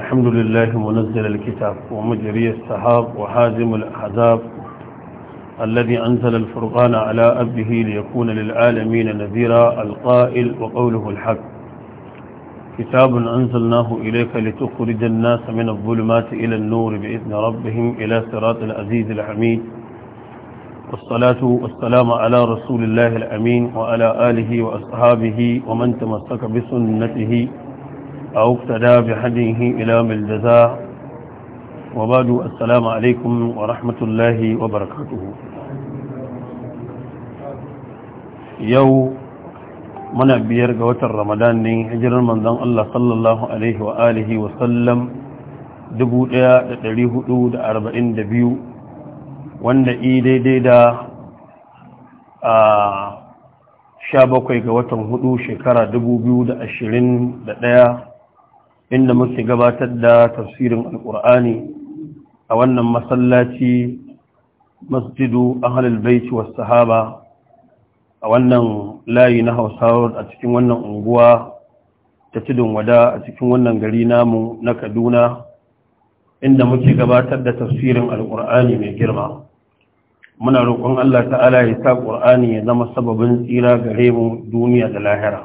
الحمد لله منزل الكتاب ومجري السحاب وحازم الأحزاب الذي أنزل الفرقان على أبه ليكون للعالمين نذيرا القائل وقوله الحق كتاب أنزلناه إليك لتخرج الناس من الظلمات إلى النور بإذن ربهم إلى صراط العزيز الحميد والصلاة والسلام على رسول الله الأمين وعلى آله وأصحابه ومن تمسك بسنته أو اقتدى بحديه إلى ملجزاء وبعد السلام عليكم ورحمة الله وبركاته يو من بير قوة الرمضان هجر المنزان الله صلى الله عليه وآله وسلم دبو إيا تريه دود أربعين دبيو وان إيدي ديدا آه 17 شكرا دبو بيود أشرين 2021 inda muke gabatar da tafsirin alkur'ani a wannan masallaci masjidu ahlul baiti was sahaba a wannan layi na hausawar a cikin wannan unguwa ta tudun wada a cikin wannan gari namu na kaduna inda muke gabatar da tafsirin alkur'ani mai girma muna roƙon Allah ta'ala ya sa ƙur'ani ya zama sababin tsira gare mu duniya da lahira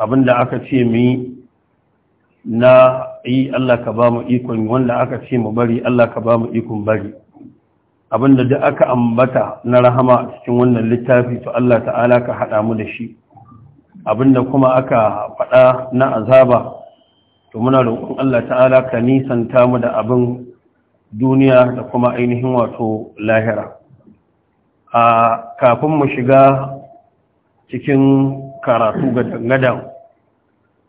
abinda aka ce mu na yi Allah ka ba mu ikon wanda aka ce mu bari Allah ka ba mu ikon bari abinda duk aka ambata na rahama cikin wannan littafi to Allah ta'ala ka haɗa mu da shi abinda kuma aka faɗa na azaba to muna roƙon Allah ta'ala ka nisanta mu da abin duniya da kuma ainihin wato lahira a kafin mu shiga cikin karatu ga dangadan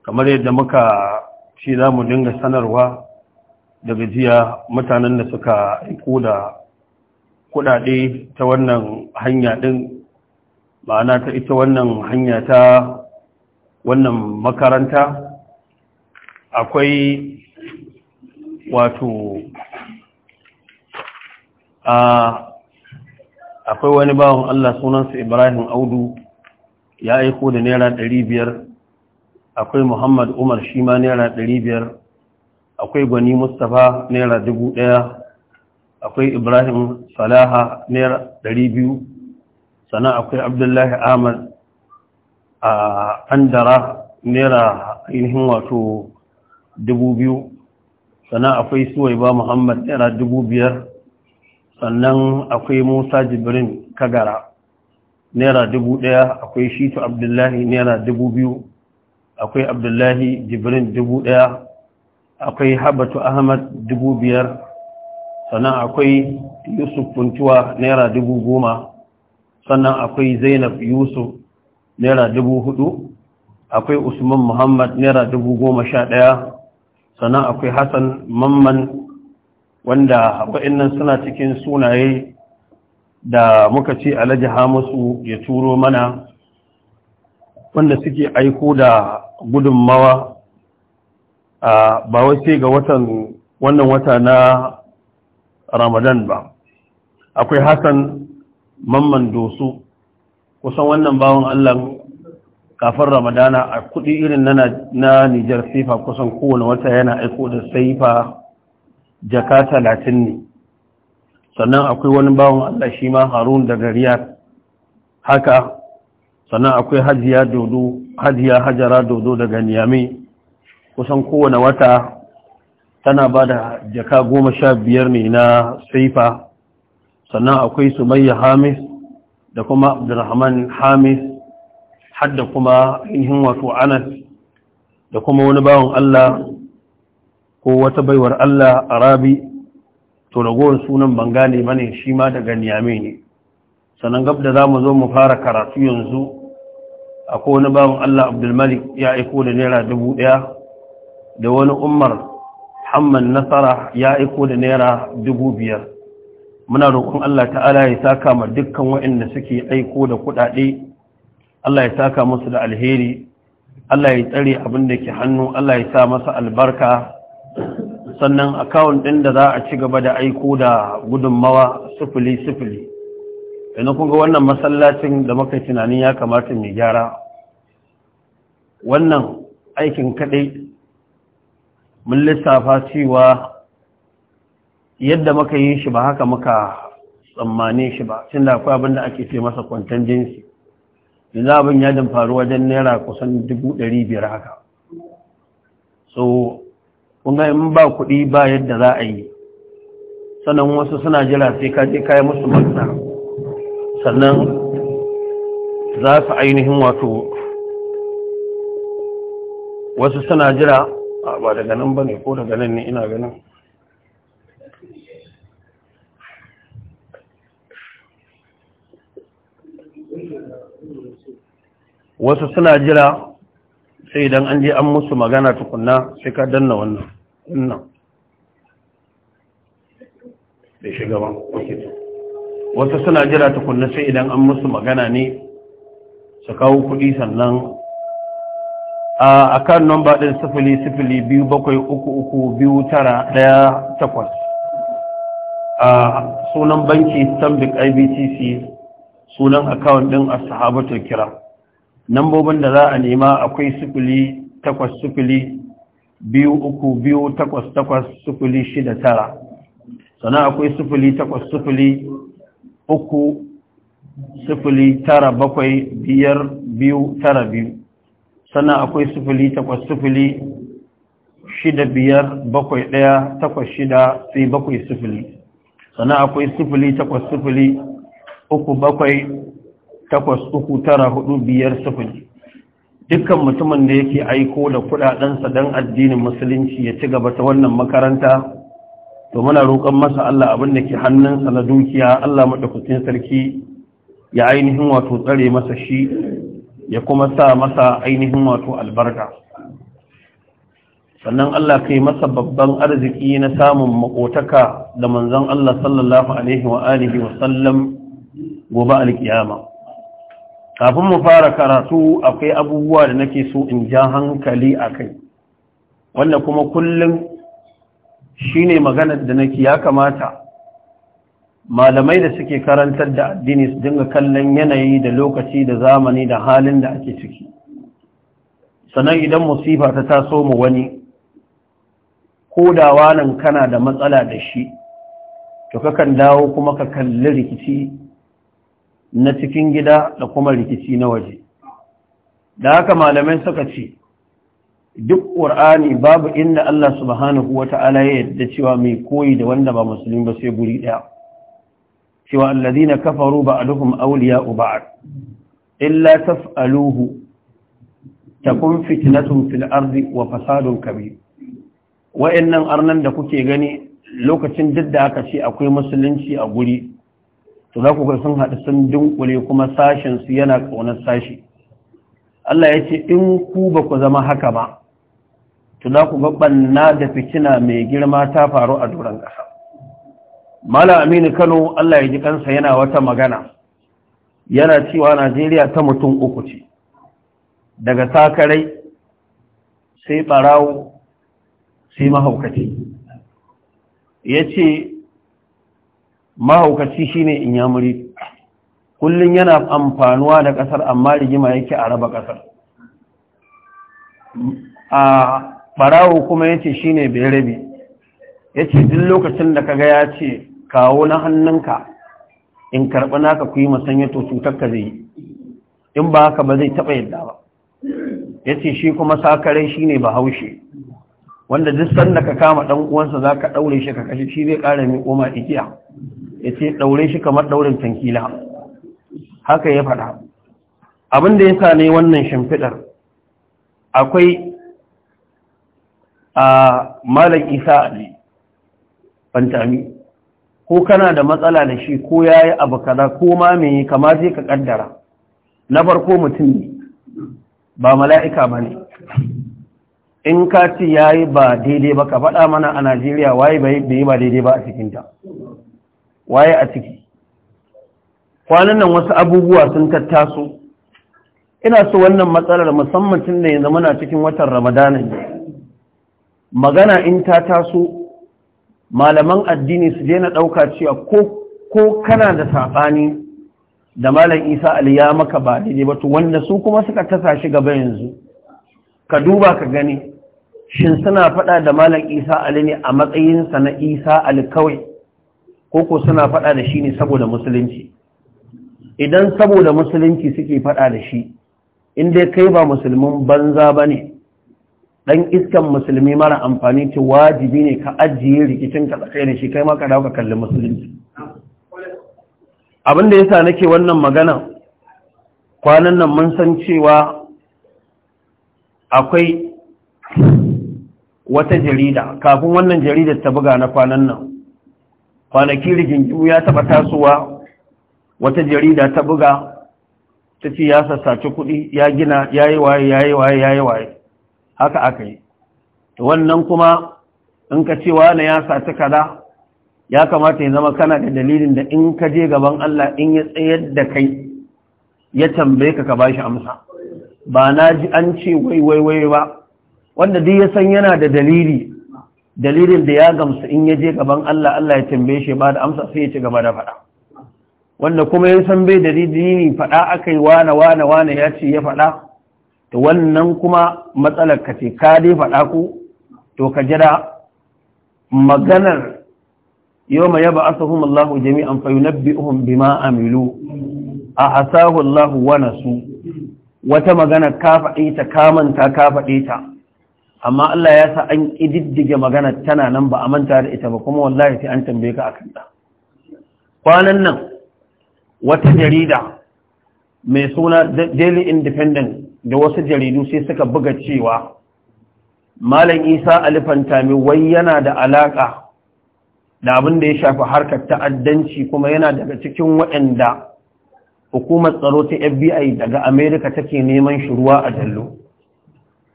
kamar yadda muka shi za mu dinga sanarwa da gajiya mutanen da suka aiko da kudade ta wannan hanya din ma'ana ta ita wannan hanya ta wannan makaranta akwai wato a akwai wani bawan Allah sunansa Ibrahim Audu ya aiko da naira biyar. akwai muhammad umar shi ma naira biyar. akwai gwani mustapha naira ɗaya. akwai ibrahim salaha naira biyu. sannan akwai abdullahi ahmad a andara naira ainihin wato biyu. sannan akwai suwaiba muhammad naira biyar. sannan akwai musa jibrin kagara naira ɗaya. akwai shitu abdullahi naira biyu. akwai abdullahi jibrin dubu ɗaya akwai habatu ahmad dubu biyar sannan akwai yusuf puntuwa naira dubu goma sannan akwai zainab yusuf naira dubu hudu akwai usman muhammad naira dubu goma sha ɗaya sannan akwai hassan mamman wanda waɗannan suna cikin sunaye da muka ce alhaji hamisu ya turo mana wanda suke aiko da gudunmawa ba wai ga watan wannan wata na ramadan ba akwai hassan mamman dosu kusan wannan bawan allah kafin ramadana a kudi irin na nijar sifa kusan kowane wata yana aiko da saifa jaka talatin ne sannan akwai wani bawan allah shi ma harun daga riyar haka sannan akwai hajiya dodo hajiya hajara dodo daga niyami kusan kowane wata tana ba da jaka goma sha biyar ne na saifa sannan akwai sumayya hamis da kuma abdurrahman hamis hadda kuma ihin wato anas da kuma wani bawan allah ko wata baiwar allah arabi to ragowar sunan bangane mane shi ma daga niyami ne sannan gab da za mu zo mu fara karatu yanzu akwai wani bawan Allah Abdulmalik ya aiko da naira dubu ɗaya da wani Umar Hamman Nasara ya aiko da naira dubu biyar. Muna roƙon Allah ta'ala ya saka ma dukkan waɗanda suke aiko da kuɗaɗe, Allah ya saka musu da alheri, Allah ya tsare abin da ke hannu, Allah ya sa masa albarka. Sannan akawun ɗin da za a ci gaba da aiko da gudunmawa sifili sifili. yanzu kuma wannan masallacin da muka tunanin ya kamata mai gyara wannan aikin kaɗai mun lissafa cewa yadda muka yi shi ba haka muka tsammane shi ba cin da akwai abin da ake ce masa kwantan jinsi yanzu abin ya faru wajen naira kusan biyar haka so kunga in ba kuɗi ba yadda za a yi sannan wasu suna jira sai kaje kayan musu matsala sannan za su ainihin wato wasu suna jira ba daga nan ba ne ko daga nan ne ina ganin wasu suna jira sai idan an je an musu magana tukunna sai ka danna wannan wannan bai shiga ba wasu suna jira tukunna sai idan an musu magana ne su kawo kuɗi sannan a kan nomba ɗin sifili sifili biyu bakwai uku uku biyu tara ɗaya takwas a sunan banki stanbic ibtc sunan akawun ɗin a sahabatul kira nambobin da za a nema akwai sifili takwas sifili biyu uku biyu takwas takwas sifili shida tara sannan akwai sifili takwas sifili uku sifili tara bakwai biyar biyu tara biyu sannan akwai sifili takwas sifili shida biyar bakwai ɗaya takwas shida sai bakwai sifili sannan akwai sifili takwas sifili uku bakwai takwas uku tara hudu biyar sifili dukkan mutumin da yake aiko da kudadensa don addinin musulunci ya ci gaba ta wannan makaranta to muna roƙon masa Allah abin da ke hannunsa na dukiya Allah maɗaukacin sarki ya ainihin wato tsare masa shi ya kuma sa masa ainihin wato albarka sannan Allah kai masa babban arziki na samun makotaka da manzon Allah sallallahu alaihi wa alihi wa sallam gobe alkiyama kafin mu fara karatu akwai abubuwa da nake so in ja hankali a kai, wanda kuma kullum Shi ne maganar da nake ya kamata malamai da suke karantar da addini su dinga kallon yanayi da lokaci da zamani da halin da ake ciki sannan idan musifa ta taso mu wani kodawa nan kana da matsala da shi to kakan dawo kuma ka kalli rikici na cikin gida da kuma rikici na waje da haka malamai suka ce duk qur'ani babu inda Allah subhanahu wata'ala ya yadda cewa mai koyi da wanda ba musulmi ba sai guri ɗaya. cewa alladhina kafaru ba'duhum awliya'u ba'd illa Ta kun fitnatun fil arzi wa fasadun kabir wa'annan arnan da kuke gani lokacin da aka ce akwai musulunci a guri to za ku ga sun haɗu sun dunkule kuma sashen su yana ƙaunar sashi Allah ya ce in ku ba ku zama haka ba tuna ku ku na da fitina mai girma ta faru a duran ƙasa mala aminu kano allah ya ji kansa yana wata magana yana cewa najeriya ta mutum uku ce daga takarai sai ɓarawo sai mahaukaci ya ce mahaukaci shine inyamuri kullum yana amfanuwa da ƙasar amma rigima yake a raba ƙasar barawo kuma ya ce shi ne bai ya ce duk lokacin da kaga ya ce kawo na hannunka in karɓi naka ku yi musanya to cutar ka zai yi in ba haka ba zai taɓa yadda ba ya ce shi kuma sakarai ne ba bahaushe wanda duk sanda ka kama ɗan uwansa ka ɗaure shi ka kashe shi zai ƙara mai koma igiya ce ɗaure shi kamar ɗaurin tankila haka ya faɗa abin da sa ne wannan shimfiɗar akwai a malam isa ali fantami ko kana da matsala da shi ko ya yi abu kaza ko ma mai kama zai ka kaddara na farko mutum ne ba mala'ika ba ne in ka ya yi ba daidai ba ka faɗa mana a najeriya waye bai yi ba daidai ba a cikinta waye a ciki kwanan nan wasu abubuwa sun tattaso ina so wannan matsalar musamman tun da yanzu muna cikin watan ramadana magana in ta taso malaman addini su je na ɗauka cewa ko kana da saɓani da malam isa ali ya maka ba daidai ba to wanda su kuma suka tasa shi gaba yanzu ka duba ka gani shin suna faɗa da malam isa ali ne a matsayinsa na isa ali kawai ko ko suna faɗa da shi ne saboda musulunci idan saboda musulunci suke faɗa da shi inda kai ba musulmin banza ba ne dan iskan musulmi mara amfani ce wajibi ne ka ajiye rikicin ka tsakai da shi kai ma ka dawo ka kalli musulunci abin da yasa nake wannan magana kwanan nan mun san cewa akwai wata jarida kafin wannan jarida ta buga na kwanan nan kwanaki rigingimu ya taba tasowa wata jarida ta buga ta ce ya sassace kuɗi ya gina ya yi waye ya yi waye ya yi waye haka aka yi wannan kuma in ka ce wani ya saci kaza ya kamata ya zama kana da dalilin da in ka je gaban Allah in ya tsayar da kai ya tambaye ka ka shi amsa ba na ji an ce wai wai wai ba wanda duk ya san yana da dalili dalilin da ya gamsu in ya je gaban Allah Allah ya tambaye shi ba da amsa sai ya ci gaba da faɗa wanda kuma ya san bai dalili faɗa aka yi wane wane wane ya ce ya faɗa to wannan kuma matsalar ka ce ka dai faɗa ku to ka jira maganar yau ma yaba asahun Allah jami'an fayunabbi'uhum bima amilu a asahu Allah wa su. wata magana ka faɗe ta ka manta ka faɗe ta amma Allah ya sa an ƙididdige maganar tana nan ba a manta da ita ba kuma wallahi sai an tambaye ka akan ta kwanan nan wata jarida mai suna Daily Independent da wasu jaridu sai suka buga cewa malam isa alifantami wai yana da alaƙa da abin da ya shafi harkar ta'addanci kuma yana daga cikin waɗanda hukumar tsaro ta fbi daga amerika take neman shiruwa a dallo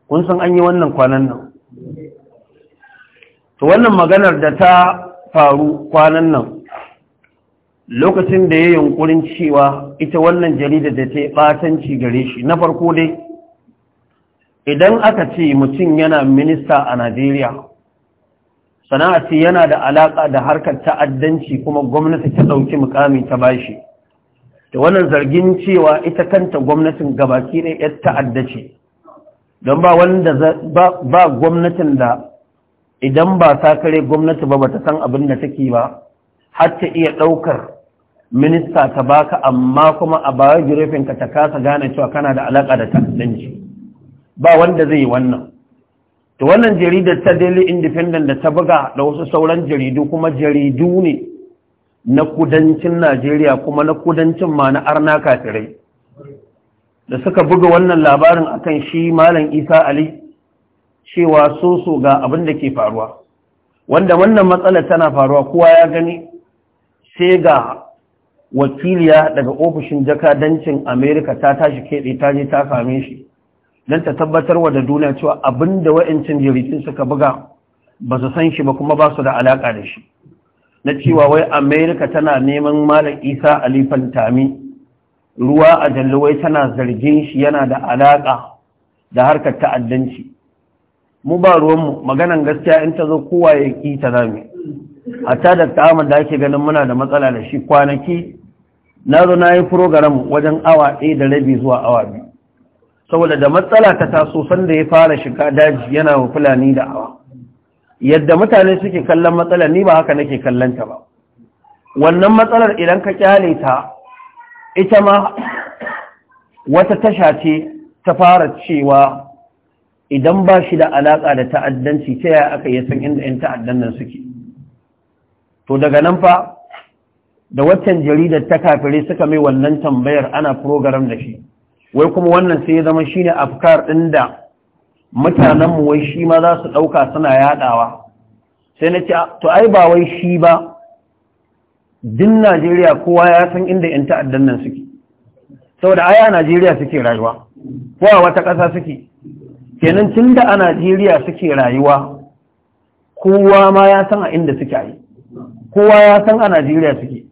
kun san an yi wannan kwanan nan to wannan maganar da ta faru kwanan nan lokacin da ya yunkurin cewa ita wannan jarida da ta batanci gare shi na farko dai idan aka ce mutum yana minista a najeriya sana'a ce yana da alaka da harkar ta'addanci kuma gwamnati ta ɗauki mukami ta bashi da wannan zargin cewa ita kanta gwamnatin gabaki ne ya ta'adda ce don ba wanda ba gwamnatin da idan ba ta kare gwamnati ba ba ta san abin da take ba har ta iya ɗaukar minista ta baka amma kuma a baya ka ta kasa gane cewa kana da alaƙa da ta'addanci ba wanda zai yi wannan to wannan jaridar ta daily independent da ta buga da wasu sauran jaridu kuma jaridu ne na kudancin najeriya kuma na kudancin ma na arna kafirai da suka buga wannan labarin akan shi malam isa ali cewa so so ga abin da ke faruwa wanda wannan matsalar tana faruwa kowa ya gani sai ga wakiliya daga ofishin jakadancin amerika ta tashi keɗe ta je ta same shi don ta tabbatar wa da duniya cewa abin da wa'incin jirgin suka buga ba su san shi ba kuma ba su da alaƙa da shi na cewa wai amerika tana neman malam isa ali fantami ruwa a jalluwai tana zargin shi yana da alaƙa da harkar ta'addanci mu ba ruwanmu maganan gaskiya in ta zo kowa ya ƙi ta zame hatta da ta'amar da ake ganin muna da matsala da shi kwanaki na zo na yi program wajen awa ɗaya da rabi zuwa awa biyu saboda da matsala ta taso sanda ya fara shiga daji yana wa fulani da awa yadda mutane suke kallon matsalar ni ba haka nake kallon ta ba wannan matsalar idan ka kyale ta ita ma wata tasha ce ta fara cewa idan ba shi da alaƙa da ta'addanci ta yaya aka yi san inda 'yan ta'addan nan suke to daga nan fa da waccan jaridar ta kafire suka mai wannan tambayar ana program da shi wai kuma wannan sai ya zama shine afkar din da mutanen mu wai shi ma za su dauka suna yadawa sai na ce to ai ba wai shi ba din Najeriya kowa ya san inda yan ta'addan nan suke saboda ai a Najeriya suke rayuwa ko a wata ƙasa suke kenan tunda a Najeriya suke rayuwa kowa ma ya san a inda suke yi kowa ya san a najeriya suke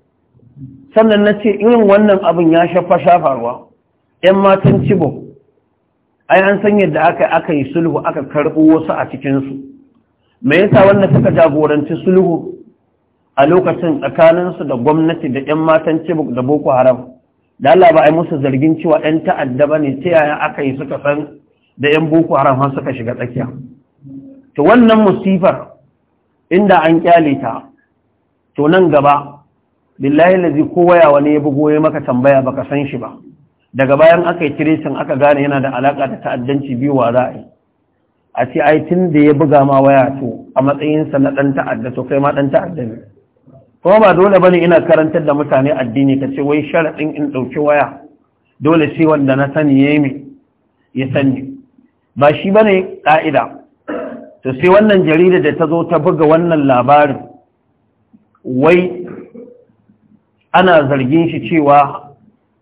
sannan na ce irin wannan abin ya shafa shafarwa ‘yan matan cibo ai an san yadda aka aka yi sulhu aka karɓo wasu a cikinsu mai yasa wannan suka jagoranci sulhu a lokacin tsakaninsu da gwamnati da ‘yan matan cibo da boko haram da Allah ba a yi musu zargin cewa ‘yan ta'adda ba ne ta yaya aka yi suka san da ‘yan boko haram har suka shiga tsakiya to wannan musifar inda an kyale ta to nan gaba billahi lazi ko waya wani ya bugo ya maka tambaya baka san shi ba daga bayan aka yi tracing aka gane yana da alaka da ta'addanci biyu wa za a ce ai tun da ya buga ma waya to a matsayinsa na ɗan ta'adda to kai ma ɗan ta'adda ne kuma ba dole bane ina karantar da mutane addini ka ce wai sharaɗin in ɗauki waya dole sai wanda na sani ya mi ya sani ba shi bane ka'ida to sai wannan jarida da ta zo ta buga wannan labarin wai ana zargin shi cewa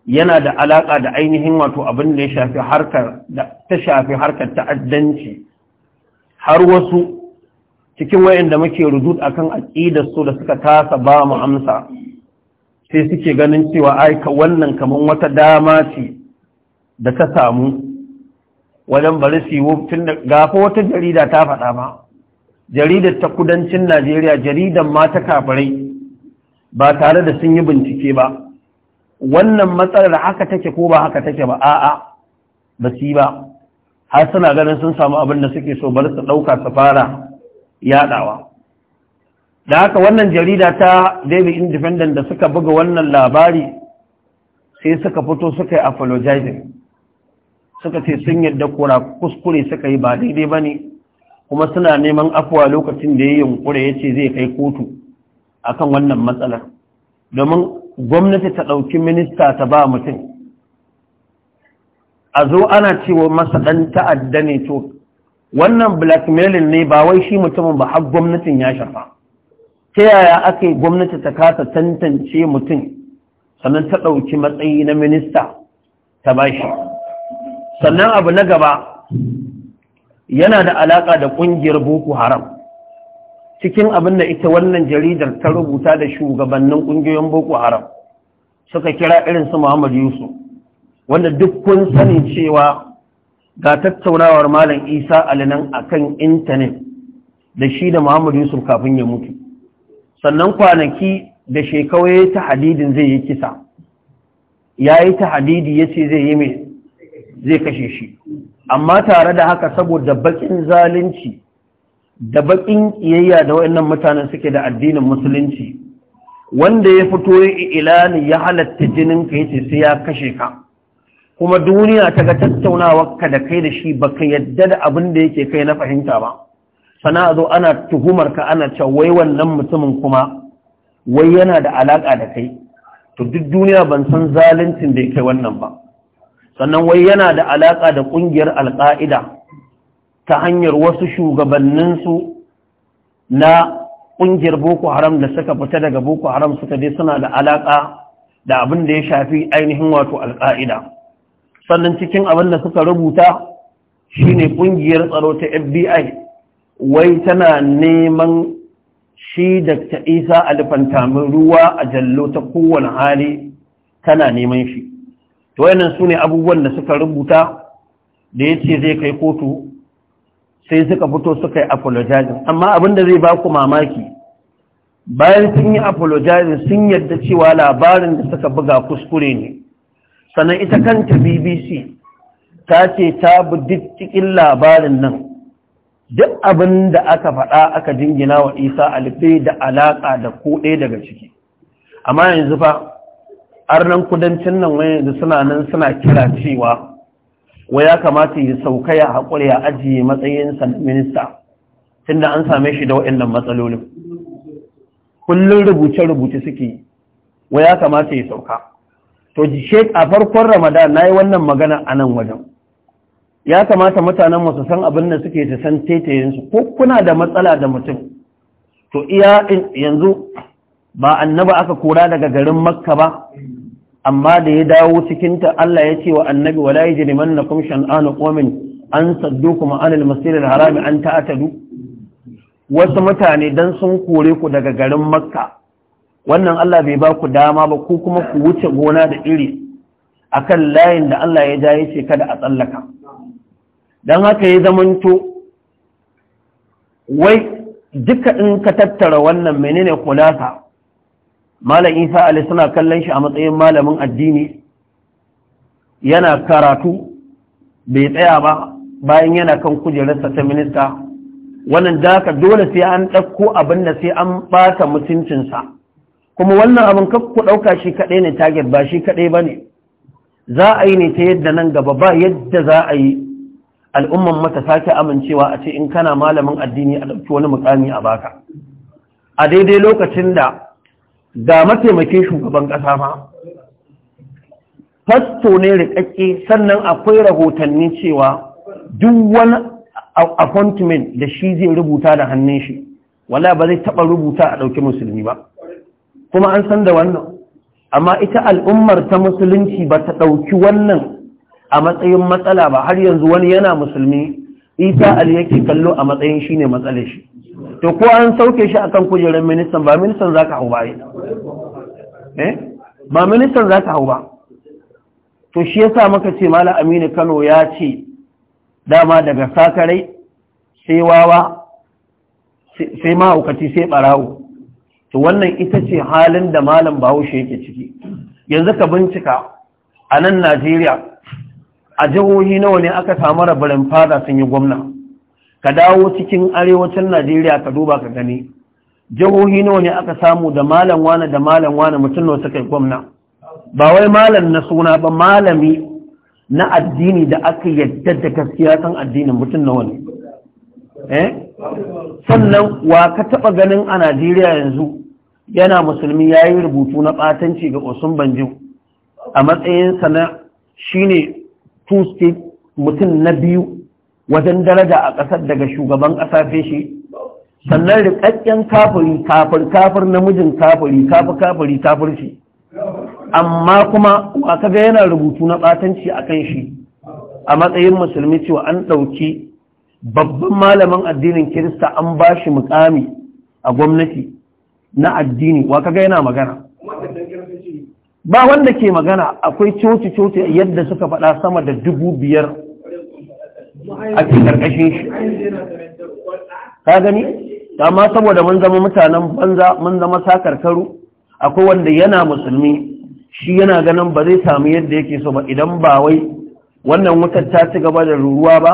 yana da alaƙa da ainihin wato abin da ya shafi harkar ta shafi harkar ta'addanci har wasu cikin wayanda muke rudud akan aqidar su da suka tasa ba mu amsa sai suke ganin cewa ai ka wannan kaman wata dama ce da ta samu wajen bari su yi tun da gafa wata jarida ta faɗa ba. jaridar ta kudancin najeriya jaridar ta kafirai ba tare da sun yi bincike ba wannan matsalar haka take ko ba haka take ba a'a ba ba har suna ganin sun samu abin da suke so bari su ɗauka su fara yaɗawa da haka wannan jarida ta daily independent da suka buga wannan labari sai suka fito suka yi apologizing suka ce sun yadda kura kuskure suka yi ba daidai ba kuma suna neman afuwa lokacin da ya yi yunkure ya ce zai kai kotu akan wannan matsalar domin gwamnati ta ɗauki minista ta ba mutum a zo ana cewa masa ɗan ta'adda ne to wannan blackmailing ne ba wai shi mutumin ba har gwamnatin ya shafa ta yaya aka yi gwamnati ta kasa tantance mutum sannan ta ɗauki matsayi na minista ta ba shi sannan abu na gaba yana da alaƙa da ƙungiyar boko haram cikin abin da ita wannan jaridar ta rubuta da shugabannin ƙungiyoyin boko haram suka kira irin su muhammad yusuf wanda duk kun sani cewa ga tattaunawar malam isa alinan a kan intanet da shi da muhammad yusuf kafin ya mutu sannan kwanaki da shekawai ta hadidin zai yi kisa ya yi ta hadidi ya zai yi mai zai kashe shi amma tare da haka saboda bakin zalunci da bakin kiyayya da waɗannan mutanen suke da addinin musulunci wanda ya fito ya ilani ya halatta jinin ka yace sai ya kashe ka kuma duniya ta ga tattaunawar ka da kai da shi baka yadda da abin da yake kai na fahimta ba sana zo ana tuhumar ka ana cewa wai wannan mutumin kuma wai yana da alaka da kai to duk duniya ban san zaluncin da yake wannan ba sannan wai yana da alaƙa da ƙungiyar alƙa'ida ta hanyar wasu shugabanninsu na ƙungiyar boko haram da suka fita daga boko haram suka dai suna da alaƙa da abin da ya shafi ainihin wato alƙa'ida sannan cikin abin da suka rubuta shine ƙungiyar tsaro ta fbi wai tana neman shi da isa alifantamin ruwa a jallo ta kowane hali tana neman shi to wayannan sune ne abubuwan da suka rubuta da ya ce zai kai kotu sai suka fito suka yi apologizing amma abin da zai ba ku mamaki bayan sun yi apologizing sun yadda cewa labarin da suka buga kuskure ne sannan ita kanta bbc ta ce ta bi duk cikin labarin nan duk abin da aka faɗa aka jingina wa isa alfe da alaƙa da ko ɗaya daga ciki amma yanzu fa arnan kudancin nan wani da suna nan suna kira cewa wai ya kamata ya sauka ya haƙuri ya ajiye matsayinsa na minista tunda an same shi da waɗannan matsalolin kullum rubuce-rubuce suke wai ya kamata ya sauka to sheik a farkon ramadan na yi wannan magana a nan wajen ya kamata mutanen masu san abin da suke ta san taitayensu ko kuna da matsala da mutum to iya yanzu ba annaba aka kura daga garin makka ba amma da ya dawo cikinta Allah ya ce wa annabi wala yajrimannakum na qawmin an saddukum an saddu al-masjid al-harami an ta'tadu wasu mutane dan sun kore ku daga garin Makka wannan Allah bai ba ku dama ba ko kuma ku wuce gona da iri akan layin da Allah ya ja ce kada a tsallaka dan haka ya zamanto wai duka in ka tattara wannan menene kulasa malam isa ali suna kallon shi a matsayin malamin addini yana karatu bai tsaya ba bayan yana kan kujerarsa ta minista wannan daka dole sai an ɗauko abin da sai an ɓata mutuncinsa kuma wannan abin ku ɗauka shi kaɗai ne target ba shi kaɗai ba ne za a yi ne ta yadda nan gaba ba yadda za a yi al'umman mata sake amincewa a ce in kana malamin addini a ɗauki wani mukami a baka a daidai lokacin da da mataimake shugaban ƙasa ma fasto ne rikakke sannan akwai rahotanni cewa duk wani appointment da shi zai rubuta da hannun shi wala ba zai taɓa rubuta a ɗauki musulmi ba kuma an san da wannan amma ita al'ummar ta musulunci ba ta ɗauki wannan a matsayin matsala ba har yanzu wani yana musulmi ita ali yake kallo a matsayin shi ne matsalar shi to ko an sauke shi akan kujerar ministan ba ministan za ka hau ba eh ba ministan za ka hau ba to shi yasa maka ce mala aminu kano ya ce dama daga sakarai sai wawa sai mahaukaci sai barawo to wannan ita ce halin da malam bahaushe yake ciki yanzu ka bincika a nan najeriya a jihohi nawa ne aka samu rabarin fada sun yi gwamna ka dawo cikin arewacin najeriya ka duba ka gani jihohi nawa ne aka samu da malam wane da malam wane mutum nawa suka yi gwamna ba wai malam na suna ba malami na addini da aka yadda da gaskiya san addinin mutum nawa ne eh? sannan wa ka taɓa ganin a najeriya yanzu yana musulmi ya yi rubutu na ɓatanci ga osun banjo a matsayinsa na shine two state mutum na biyu wajen daraja a ƙasar daga shugaban ƙasa shi sannan riƙaƙƙen kafiri kafir kafir namijin kafiri kafi kafiri kafirci amma kuma a kaga yana rubutu na ɓatanci a kan shi a matsayin musulmi cewa an ɗauki babban malamin addinin kirista an ba shi mukami a gwamnati na addini wa kaga yana magana ba wanda ke magana akwai coci-coci yadda suka faɗa sama da dubu biyar ake karkashin shi ka gani Dama saboda mun zama mutanen banza mun zama sakarkaru akwai wanda yana musulmi shi yana ganin ba zai samu yadda yake so ba idan ba wai wannan wutar ta ci gaba da ruruwa ba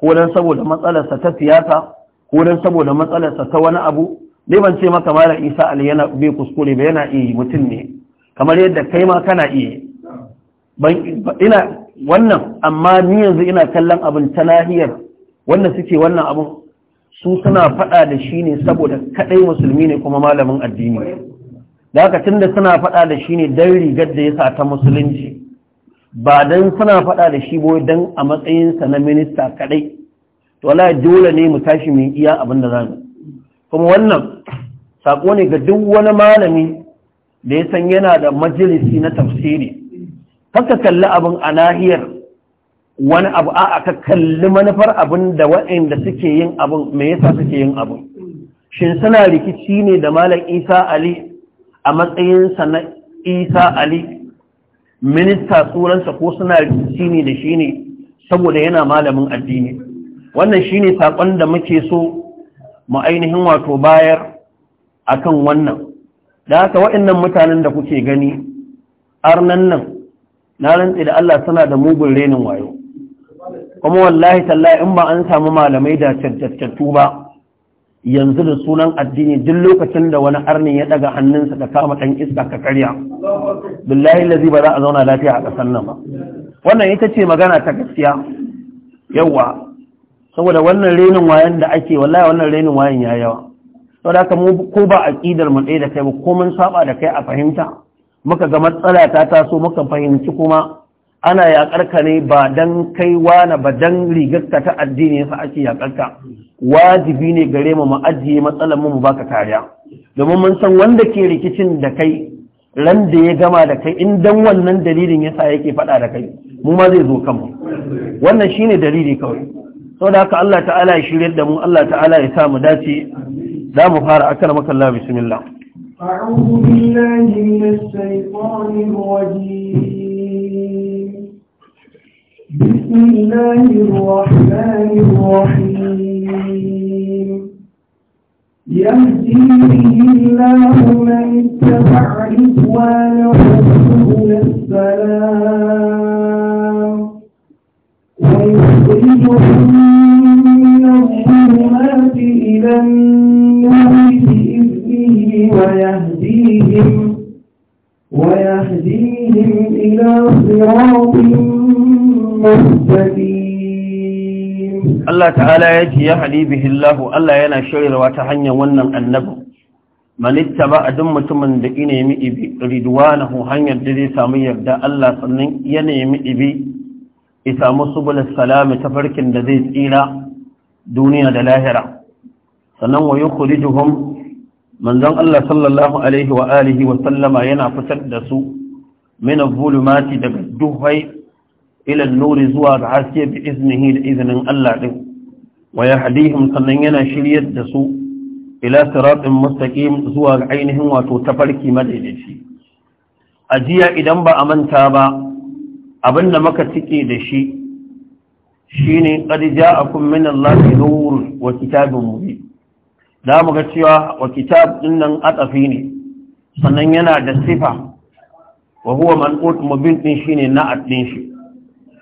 ko dan saboda matsalarsa ta siyasa ko dan saboda matsalarsa ta wani abu dai ban ce maka malam Isa Ali yana bai kuskure ba yana iya mutum ne kamar yadda kai ma kana iya ban ina wannan amma ni yanzu ina kallon abin ta nahiyar wannan suke wannan abin su suna faɗa da shi ne saboda kaɗai musulmi ne kuma malamin addini da haka tunda suna faɗa da shi ne don rigar da ya sa ta musulunci ba don suna faɗa da shi boye don a matsayinsa na minista kaɗai to wala dole ne mu tashi mu iya abin da zamu kuma wannan sako ne ga duk wani malami da ya san yana da majalisi na tafsiri kakka kalli abin a nahiyar wani abu a ka kalli manufar abin da waɗanda suke yin abin me yasa suke yin abin shin suna rikici ne da malam isa ali a matsayinsa na isa ali minista tsoronsa ko suna rikici ne da shi ne saboda yana malamin addini wannan shi ne saƙon da muke so mu ainihin wato bayar akan wannan da haka waɗannan mutanen da kuke gani arnan nan na rantsi da Allah suna da mugun renin wayo kuma wallahi tallahi in ba an samu malamai da cancantattu ba yanzu da sunan addini duk lokacin da wani arni ya daga hannunsa da kama ɗan iska ka karya billahi lazi ba za a zauna lafiya a ƙasar nan ba wannan ita ce magana ta gaskiya yawa saboda wannan renin wayan da ake wallahi wannan renin wayan ya yawa saboda haka mu ko ba aqidar mu ɗaya da kai ba ko mun saba da kai a fahimta muka ga matsala ta taso muka fahimci kuma ana yaƙarka ne ba don kai na ba don rigarka ta addini yasa ake yaƙarka wajibi ne gare mu ajiye matsalar mu baka kariya domin mun san wanda ke rikicin da kai ran da ya gama da kai in dan wannan dalilin yasa yake faɗa da kai mu ma zai zo mu wannan shine dalili kawai saboda haka Allah ta'ala ya shirye da mu Allah ta'ala ya sa mu dace za mu fara akara makalla bismillah أعوذ بالله من الشيطان الرجيم بسم الله الرحمن الرحيم يهدي به الله من اتبع رضوانه سبل السلام ويخرجهم من الظلمات إلى النار ويهديهم ويهديهم إلى صراط مستقيم Allah ta'ala يجي يهدي به الله الله yana shiryarwa ta hanyar wannan annabi man ittaba duk mutumin da ya nemi ibi ridwanahu hanyar da zai samu yarda Allah sannan ya nemi ibi ya samu subulus salami tafarkin da zai tsira duniya da lahira sannan wa yukhrijuhum manzon Allah sallallahu alaihi wa alihi wa sallama yana fitar da su min zulumati daga duhai ila nuri zuwa ga haske bi iznihi da iznin Allah din wa yahdihim sannan yana shiryar da su ila siratin mustaqim zuwa ga ainihin wato tafarki madaidaici ajiya idan ba a manta ba abin da maka tike da shi shine qad ja'akum min Allahi nurun wa kitabun mubin Za mu ga cewa wa kitab din nan atafi ne sannan yana da sifa wa huwa man'ut mubin shi shine na din shi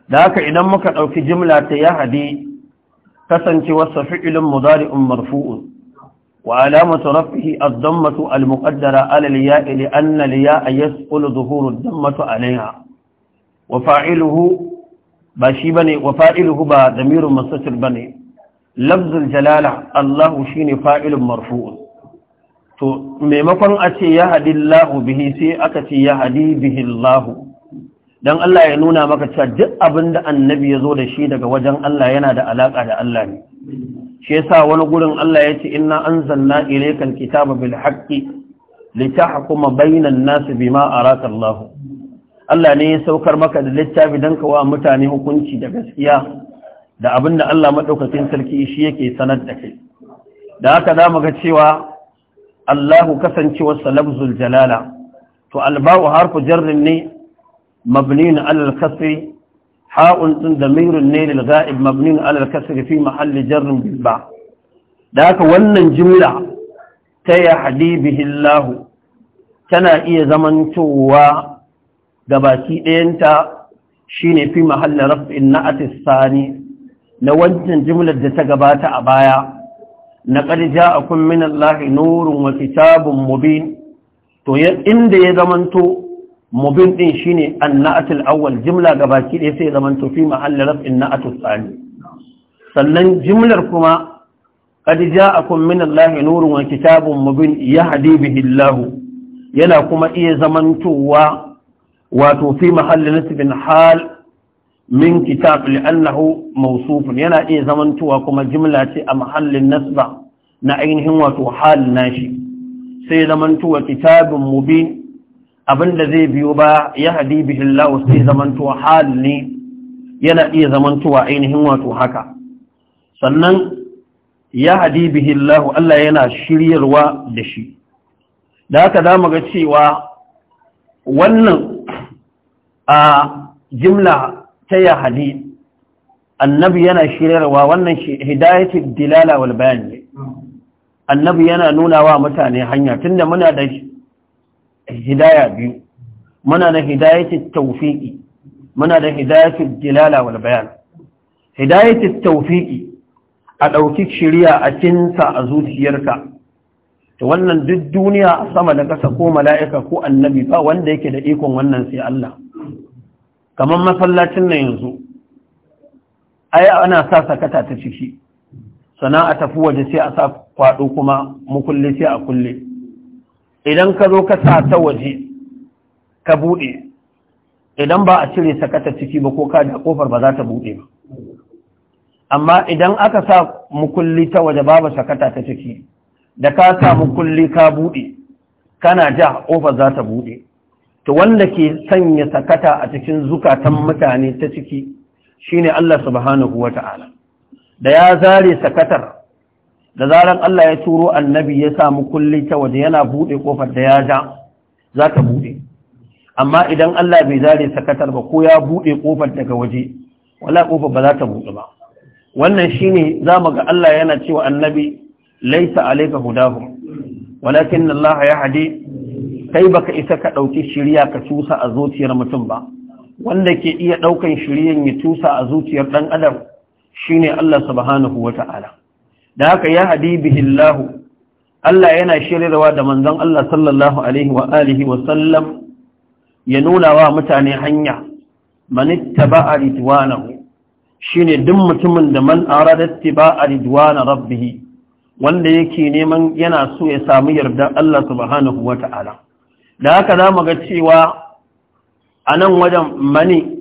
da haka idan muka ɗauki jimla ta yahdi kasancewar sa fi'ilun mudari'un marfu'un wa alamatu rafihi ad-dammatu al-muqaddara 'ala al-ya'i li anna al-ya'a yasqulu dhuhuru ad-dammatu 'alayha wa fa'iluhu ba shi bane wa fa'iluhu ba damirun mustatir bane lafzul jalala Allahu shine fa'ilun marfu'un to maimakon a ce ya hadi Allahu bihi sai aka ce ya hadi bihi Allahu Don Allah ya nuna maka cewa duk abin da annabi ya zo da shi daga wajen Allah yana da alaka da Allah ne shi yasa wani gurin Allah ya ce inna anzalna ilaykal kitaba bil littafi kuma bainan nas bima araka Allah Allah ne ya saukar maka da littafi dan ka wa mutane hukunci da gaskiya da abin da Allah maɗaukakin sarki shi yake sanar da kai da haka za mu ga cewa Allahu kasancewar salabzul jalala to alba'u harfu jarrin ne mabnin alal kasri ha'un din ne lil mabnin alal kasri fi mahalli jarrin bil da haka wannan jimla ta yahdibihi tana iya zamantowa gabaki ɗayanta shine fi mahallin raf'in na'atis sani na wancan jimlar da ta gabata a baya na ƙarja a kun min Allah nurun wa kitabun mubin to inda ya zamanto mubin din shine anna'atul awal jimla gabaki ɗaya sai ya zamanto fi mahallin raf'in na'atul tsani sannan jimlar kuma ƙarja a kun min Allah nurun wa kitabun mubin ya hadi bihi Allah yana kuma iya zamantowa wato fi mahallin nasibin hal min kitab li'annahu mawsufun yana iya zamantowa kuma jimla ce a mahallin nasba na ainihin wato hal nashi sai zamantowa kitabun mubin abinda zai biyo ba ya hadi sai zamantowa hal ne yana iya zamantowa ainihin wato haka sannan ya hadi Allah Allah yana shiryarwa da shi da haka zamu ga cewa wannan a jimla ta hadi annabi yana shirarwa wannan hidayatul dilala wal bayan ne annabi yana nuna wa mutane hanya tunda muna da hidaya biyu muna da hidayatul tawfiqi muna da hidayatul dilala wal bayan hidayatul tawfiqi a dauki shiriya a cinsa a zuciyarka to wannan duk duniya a sama da ƙasa ko mala'ika ko annabi ba wanda yake da ikon wannan sai Allah kamar masallacin na yanzu ai ana sa sakata ta ciki sana'a tafi waje sai a sa kwado kuma mu kulle sai a kulle idan ka zo ka sa ta waje ka bude idan ba a cire sakata ciki ba ko ka da kofar ba za ta bude ba amma idan aka sa mu mukulli ta waje babu sakata ta ciki da ka sa mu mukulli ka bude kana ja kofar za ta bude to wanda ke sanya sakata a cikin zukatan mutane ta ciki shine Allah subhanahu wata'ala da ya zare sakatar da zarar Allah ya turo annabi ya samu kulli ta waje yana bude kofar da ya ja za ta bude amma idan Allah bai zare sakatar ba ko ya bude kofar daga waje wala kofar ba za ta bude ba wannan shine zamu ga Allah yana cewa annabi laisa alayka hudahum walakin Allah ya hade. kai baka isa ka ɗauki shirya ka tusa a zuciyar mutum ba wanda ke iya ɗaukan shiryan ya tusa a zuciyar ɗan adam ne Allah subhanahu ta'ala. da haka ya hadibihi Allah Allah yana shirarwa da manzon Allah sallallahu alaihi wa alihi wa sallam ya nuna wa mutane hanya manittaba'a Shi ne duk mutumin da man arada ittiba'a ridwana rabbih wanda yake neman yana so ya samu yarda Allah subhanahu ta'ala. da haka za mu ga cewa a nan wajen mani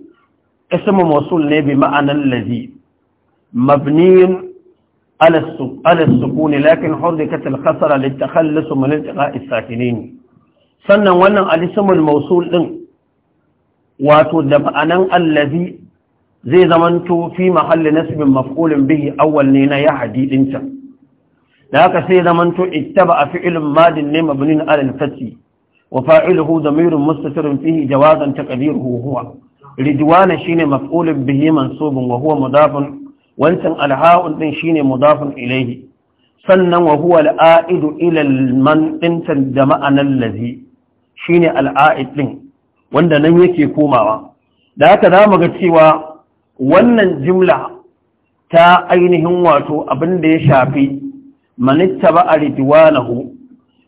ismu mosul ne bi ma'anan lazi mabniyin alasukuni lakin hurdikatul kasara littakhallisu min iltiqa'i sakinin sannan wannan alismul mausul din wato da ma'anan allazi zai zamanto fi mahalli nasbin maf'ulin bihi awal ne na ya hadidin can da haka sai zamanto ittaba fi'ilun madin ne mabnin alal وفاعله ضمير مستتر فيه جوازا تقديره هو رضوان شين مفعول به منصوب وهو مضاف وانتن الهاء دين شين مضاف اليه سنن وهو العائد الى المن انتن جمعنا الذي شين العائد دين wanda nan yake komawa da haka za mu ga cewa wannan jimla ta ainihin wato abin da ya shafi manitta ba a ridwanahu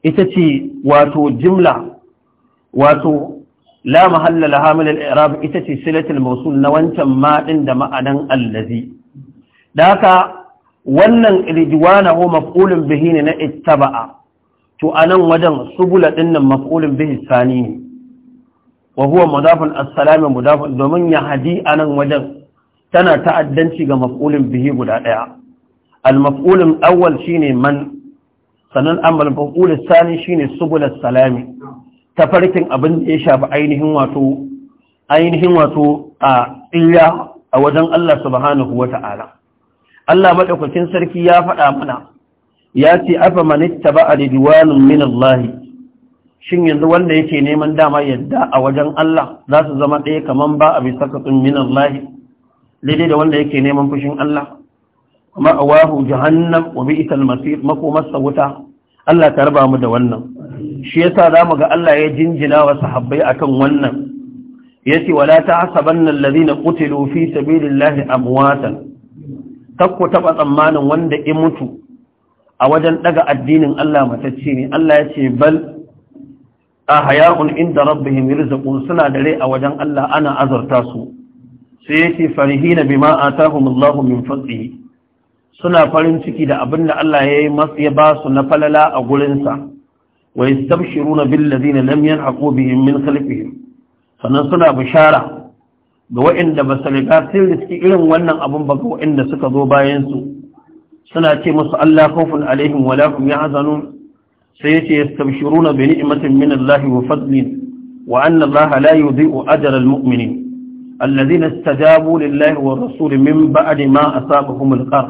ita ce wato jimla wato la mahalla laha min irab ita ce silatul mawsul na wancan maɗin din da ma'anan allazi daka wannan ridwana hu maf'ulun bihi ne na ittaba'a to anan wajen subula dinnan maf'ulun bihi sani ne wa huwa mudafun as-salam mudafun domin ya hadi anan wajen tana ta'addanci ga maf'ulun bihi guda daya al-maf'ulun awwal shine man sanan amal maf'ulus sani shine subula as-salami tafarkin abin da ya shafi ainihin wato ainihin wato a tsira a wajen Allah subhanahu wa ta'ala. Allah maɗaukakin sarki ya faɗa mana ya ce afa manitta ba a ridiwanin min Allah shin yanzu wanda yake neman dama yadda a wajen Allah za su zama ɗaya kaman ba a bisa katsin min Allah daidai da wanda yake neman fushin Allah ma'awahu jahannam wa bi'sal masir makomarsa wuta Allah ka raba mu da wannan shi yasa zamu ga Allah ya jinjina wa sahabbai akan wannan yace wala tahsabanna alladhina qutilu fi sabilillahi amwatan takku taba tsammanin wanda in mutu a wajen daga addinin Allah matacce ne Allah yace bal A ahya'un inda rabbihim yarzuqun suna da rai a wajen Allah ana azarta su sai yake farihina bima atahumullahu min fadlihi suna farin ciki da abin da Allah ya yi masu ya ba su na falala a gurinsa wa yastabshiruna bil ladina lam yanhaqu bihim min khalfihim sannan suna bishara ga waɗanda ba su riga sun riski irin wannan abun ba ga waɗanda suka zo bayan su suna ce musu Allah khawfun alaihim wa lahum yahzanun sai yace yastabshiruna bi ni'matin min Allah wa fadlin wa anna Allah la yudhi'u ajra al mu'minin الذين استجابوا لله والرسول من بعد ما أصابهم القرح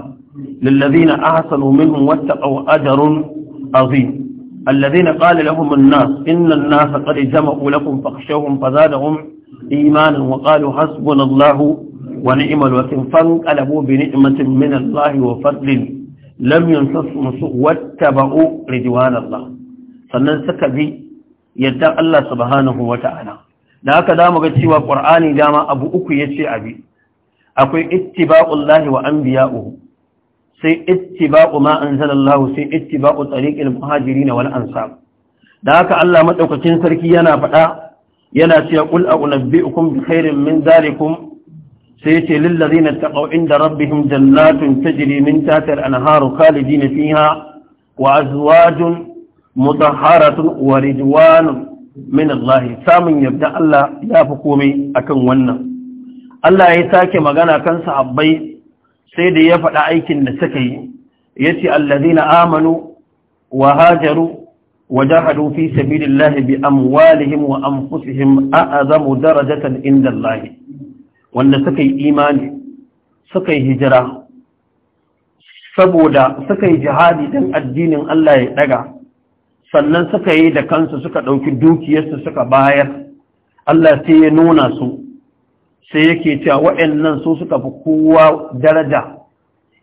للذين أحسنوا منهم واتقوا أجر عظيم الذين قال لهم الناس إن الناس قد جمعوا لكم فاخشوهم فزادهم إيمانا وقالوا حسبنا الله ونعم الوكيل فانقلبوا بنعمة من الله وفضل لم ينتصم سوء واتبعوا رضوان الله sannan suka bi yadda Allah subhanahu wata'ala da haka zamu ga cewa Qur'ani dama abu uku yace abi akwai ittiba'ullahi wa anbiya'uhu sai ittiba'u ma anzalallahu sai ittiba'u tariqil muhajirin wal ansa. da haka Allah madaukakin sarki yana faɗa yana cewa qul a'unabbi'ukum bi khairin min zalikum sai yace lil ladina taqaw inda rabbihim jannatun tajri min tahtiha al-anharu khalidina fiha wa azwajun mutahharatun wa ridwanun min Allah samun yabda Allah ya fi komai akan wannan Allah ya sake magana kan sahabbai sai da ya faɗa aikin da suka yi ya ce allazina amanu wa hajaru wa jahadu fi sabilillahi bi amwalihim wa anfusihim a'azamu darajatan indallahi wanda suka yi imani suka yi hijira saboda suka yi jihadi dan addinin Allah ya ɗaga, sannan suka yi da kansu suka ɗauki dukiyarsu suka bayar Allah sai ya nuna su sai yake cewa waɗannan su suka fi kowa daraja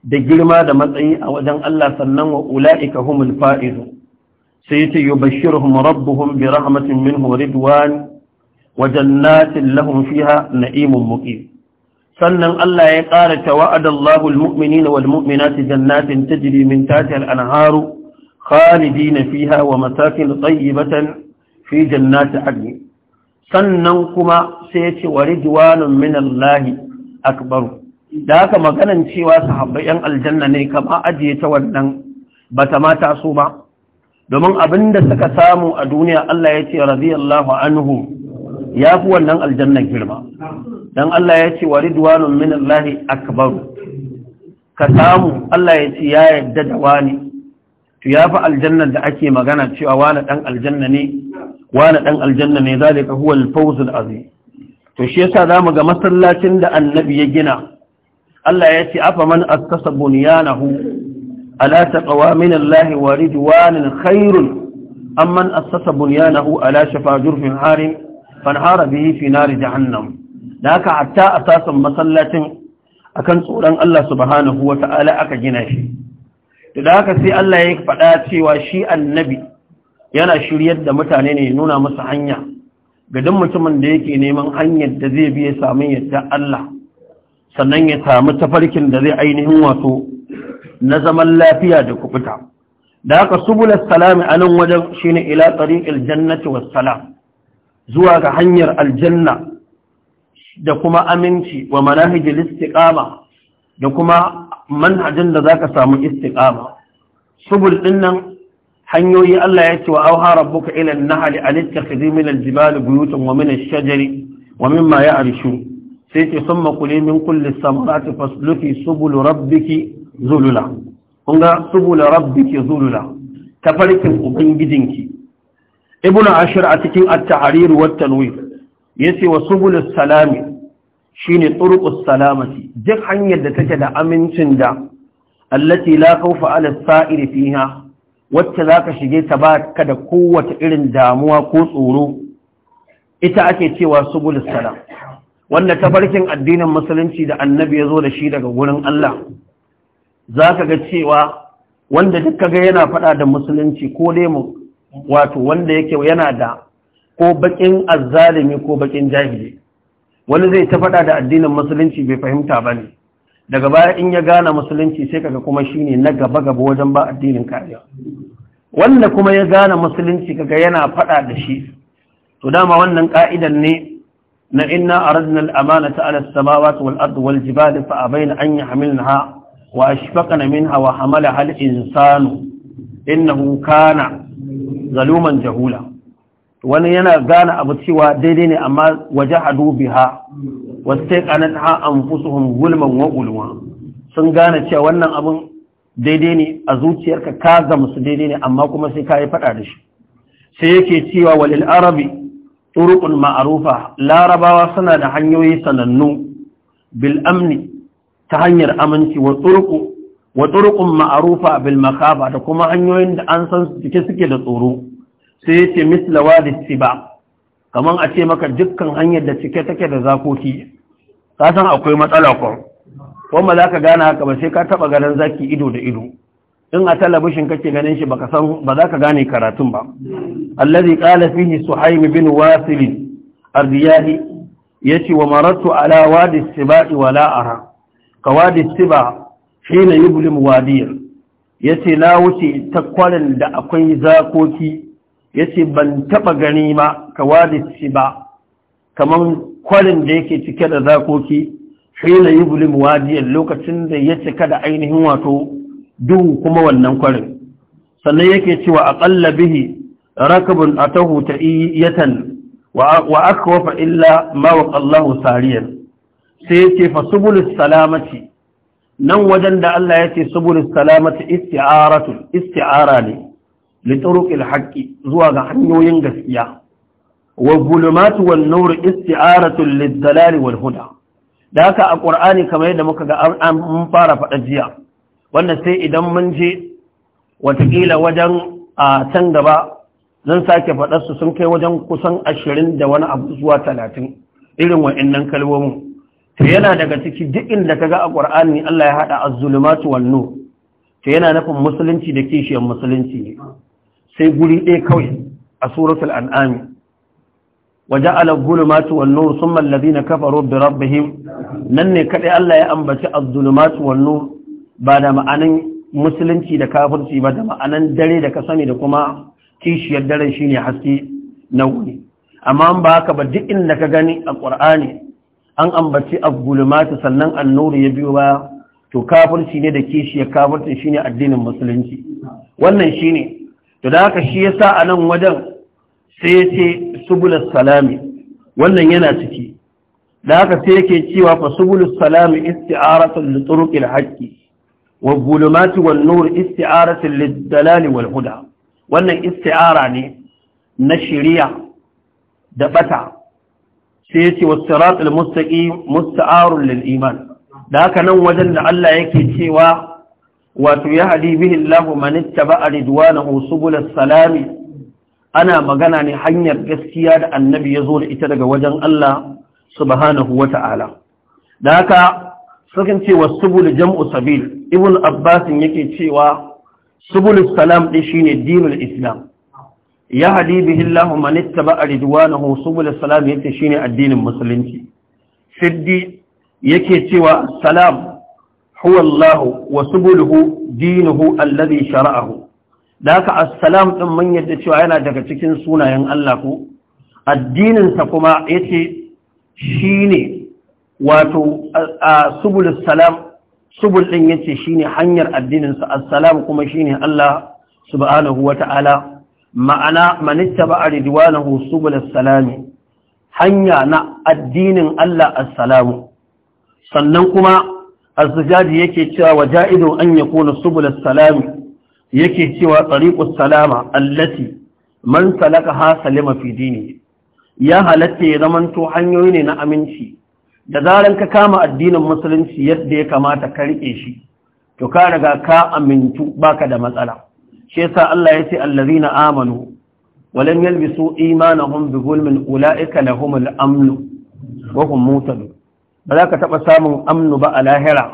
da girma da matsayi a wajen Allah sannan wa ula'ika humul fa'izu sai yace yubashshiruhum rabbuhum bi rahmatin minhu ridwan wa jannatin lahum fiha na'imun muqim sannan Allah ya ƙara ta wa'adallahu almu'minina walmu'minati jannatin tajri min tahtiha anharu khalidina fiha wa masakin batan fi jannati adn sannan kuma sai ya ce wa ridwanun min Allah akbar da haka maganan cewa sahabbai yan aljanna ne kama ajiye ta wannan bata ma taso ba domin abin da suka samu a duniya Allah ya ce radiyallahu anhu ya fi wannan aljanna girma dan Allah ya ce wa ridwanun min Allah akbar ka samu Allah ya ce ya yadda da wani to ya fi aljanna da ake magana cewa wani ɗan aljanna ne wani dan aljanna ne za huwa al-fawz azi. azim to shi yasa zamu ga masallacin da annabi ya gina Allah ya ce afa man assasa bunyanahu ala taqwa min Allah wa ridwanin khairun amman assasa bunyanahu ala shafa jurfin harim fanhara bihi fi nar jahannam da haka hatta asasan masallacin akan tsoron Allah subhanahu wata'ala aka gina shi to da haka sai Allah ya faɗa cewa shi annabi yana shiryar da mutane ne nuna masa hanya ga duk mutumin da yake neman hanyar da zai biya samu yadda Allah sannan ya samu tafarkin da zai ainihin wato na zaman lafiya da kufuta da haka subulas salami a nan wajen shine ila tariqil jannati was salam zuwa ga hanyar aljanna da kuma aminci wa manahijil istiqama da kuma manhajin da zaka samu istiqama subul dinnan hanyoyi Allah ya ce wa auha rabbuka ila an-nahl an ittakhidhi min al-jibali buyutan wa min ash-shajari wa mimma ya'rishu sai ce summa kuli min kulli samarati fasluki subul rabbiki zulula kun subul rabbiki zulula tafarkin ubangijinki ibnu ashir a cikin at-tahrir wa at-tanwir yace wa subul salami shine turuqus salamati duk hanyar da take da amincin da allati la khawfa ala as-sa'iri fiha wacce za ka shige ta ba ka da kowace irin damuwa ko tsoro ita ake cewa su salam wanda tafarkin addinin musulunci da annabi ya zo da shi daga wurin Allah za ka ga cewa wanda duk ga yana faɗa da musulunci ko dai wato wanda yake yana da ko bakin azzalimi ko bakin jahili wani zai ta faɗa da addinin musulunci bai fahimta ba ne daga baya in ya gane musulunci sai kaga kuma shine na gaba gaba wajen ba addinin kariya wanda kuma ya gane musulunci kaga yana fada da shi to dama wannan ka'idan ne na inna aradna al-amanata ala as-samawati wal ardi wal jibali fa abaina an yahmilnaha wa ashfaqna minha wa hamalaha al-insanu innahu kana zaluman jahula wani yana gane abu cewa daidai ne amma wajahadu biha wastaqanatha anfusuhum zulman wa ulwa sun gane cewa wannan abin daidai ne a zuciyarka ka gamsu daidai ne amma kuma sai ka yi faɗa da shi sai yake cewa walil arabi turuqun Ma'arufa- larabawa suna da hanyoyi sanannu bil amni ta hanyar aminci wa turuqu wa turuqun bil makaba da kuma hanyoyin da an san suke suke da tsoro sai yace misla wadi siba Kamar a ce maka dukkan hanyar da cike take da zakoki ka san akwai matsala kwan kuma za ka gane haka ba sai ka taba ganin zaki ido da ido in a talabishin kake ganin shi baka san ba za ka gane karatun ba allazi qala fihi suhaib bin wasil ar yace wa maratu ala wadi sibai wala ara wadi siba hina yublim wadiyan yace na wuce ta kwarin da akwai zakoki yace ban taba gani ma wadi siba kaman kwarin da yake cike da zakoki yi yublim wadiyan lokacin da ya cika da ainihin wato duhu kuma wannan kwarin sannan yake cewa ƙalla bihi rakabun ta ta'iyatan wa wafa illa mawaƙa, waqallahu sariyan sai yace fa subulus salamati nan wajen da Allah yace subulus salamati isti'aratu isti'ara ne li turuqil haqqi zuwa ga hanyoyin gaskiya والظلمات والنور استعارة للدلال والهدى ذاك القرآن كما يدى sai idan mun je سيئدا wajen a can gaba, zan sake su sun kai wajen kusan ashirin da wani abu zuwa talatin irin wa'annan kalmomin to yana daga ciki duk inda ka ga a Allah ya haɗa az-zulumatu wan nur to yana nufin musulunci da kishiyar musulunci ne sai guri ɗaya kawai a suratul an'am وجعل الظلمات والنور ثم الذين كفروا بربهم nan ne kadai Allah ya ambaci az-zulumat wan nur ba da ma'anan musulunci da kafirci ba da ma'anan dare da ka sani da kuma kishiyar dare shine haske na wuni amma an ba haka ba duk inda ka gani a Qur'ani an ambaci az-zulumat sannan an-nur ya biyo ba to kafirci ne da kishiyar kafirci shine addinin musulunci wannan shine to da haka shi yasa a nan wajen sai ya ce subulus salami wannan yana ciki da haka sai yake cewa fa subulus salami isti'aratun li turuqil haqqi wa zulumati wan nur isti'aratun lid dalali wal huda wannan isti'ara ne na shari'a da bata sai ya ce was mustaqim musta'arun lil iman da haka nan wajen da Allah yake cewa wato ya hadi bihi Allahu man ittaba ridwanahu subulus salami ana magana ne hanyar gaskiya da annabi ya zo da ita daga wajen Allah subhanahu wa ta'ala. Da haka sukan ce wa jam'u sabil, Ibn Abbasin yake cewa subul salam ɗin shi ne dinul Islam. Ya haɗi bihillahu manitta ba a ridwanahu subul salam yake shi ne addinin musulunci. Fiddi yake cewa salam huwallahu wa subulhu dinuhu allazi shara'ahu. da haka assalam ɗin mun yadda cewa yana daga cikin sunayen Allah ko addininsa kuma yace shine wato subul salam subul ɗin yace shine hanyar addininsa assalam kuma shine Allah subhanahu wata'ala ma'ana manittaba ridwanahu subul salami hanya na addinin Allah assalamu sannan kuma azzajadi yake cewa waja'idun an yakuna subul salami yake cewa tsariƙus salama allati man salaka ha salima fi dini ya halatta ya zamanto hanyoyi ne na aminci da zaran ka kama addinin musulunci yadda ya kamata ka riƙe shi to ka riga ka amintu baka da matsala shi yasa Allah ya ce allazina amanu walam yalbisu imanahum bi zulmin ulaika lahumul amnu wa hum muhtadun ba za ka taɓa samun amnu ba a lahira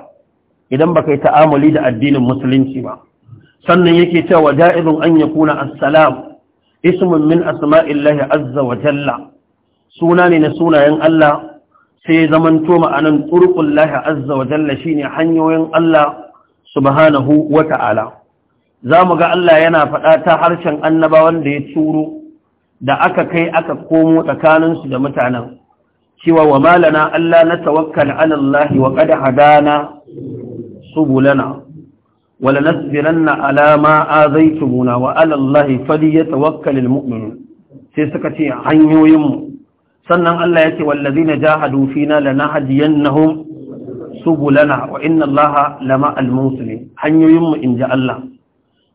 idan ba ka yi ta'amuli da addinin musulunci ba sannan yake cewa ja'izun an yakuna assalam ismun min asma'illahi azza wa jalla suna ne na sunayen Allah sai zamanto ma'anan turqullahi azza wa jalla shine hanyoyin Allah subhanahu wa ta'ala za mu ga Allah yana faɗa ta harshen annabawan da ya turo da aka kai aka komo tsakaninsu da mutanen cewa wa malana Allah na tawakkal ala Allah wa qad hadana subulana wala nasbiranna ala ma azaytumuna wa ala allahi sai suka ce hanyoyin mu sannan Allah yake wallazina jahadu fina lanahdiyannahum subulana wa inna allaha lama almuslimin hanyoyin mu inji Allah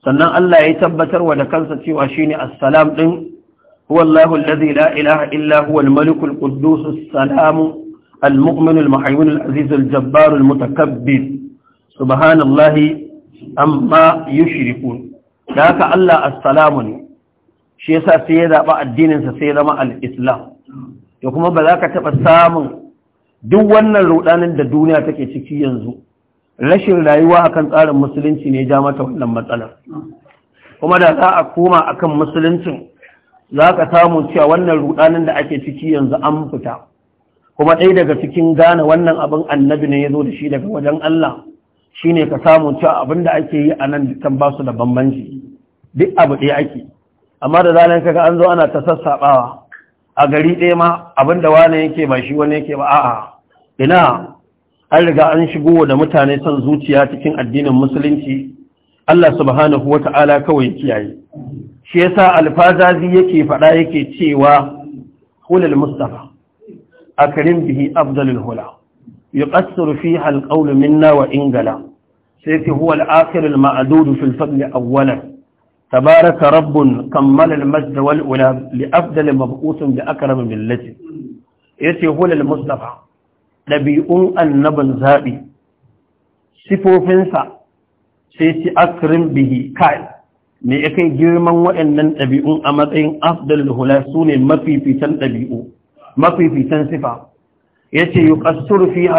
sannan Allah ya tabbatar wa da kansa cewa shine assalam din huwallahu allazi la ilaha illa huwal malikul quddus as-salam al-mu'min al-muhaymin al subhanallahi amma yushrikun da haka Allah assalamu ne shi yasa sai ya zaba addininsa sai ya zama al-islam to kuma ba za ka taba samun duk wannan rudanin da duniya take ciki yanzu rashin rayuwa akan tsarin musulunci ne ja mata wannan matsalar kuma da za a koma akan musuluncin za ka samu cewa wannan rudanin da ake ciki yanzu an fita kuma ɗaya daga cikin gane wannan abin annabi ne ya zo da shi daga wajen Allah shine ka samu cewa abin da ake yi a nan can ba su da bambanci duk abu ɗaya ake amma da zanen kaga an zo ana ta sassaɓawa a gari ɗaya ma abin da wane yake ba shi wani yake ba a'a ina an riga an shigo da mutane son zuciya cikin addinin musulunci Allah subhanahu wata'ala kawai kiyaye shi yasa alfazazi yake faɗa yake cewa hulal mustafa akrim bihi afdalul hula yuqassiru fiha alqawlu minna wa ingala sai ce huwa al-akhir al-ma'dud kammala al-fadl awwalan تبارك رب كمل المجد والأولى لأفضل مبعوث لأكرم ملته يتي هو المصطفى ɗabi'un annabin zaɓi sifofinsa sai ci akirin bihi kai me ya kai girman waɗannan ɗabi'un a matsayin afdal hula sune mafifitan ɗabi'u mafifitan sifa ya ce yi ƙasur fi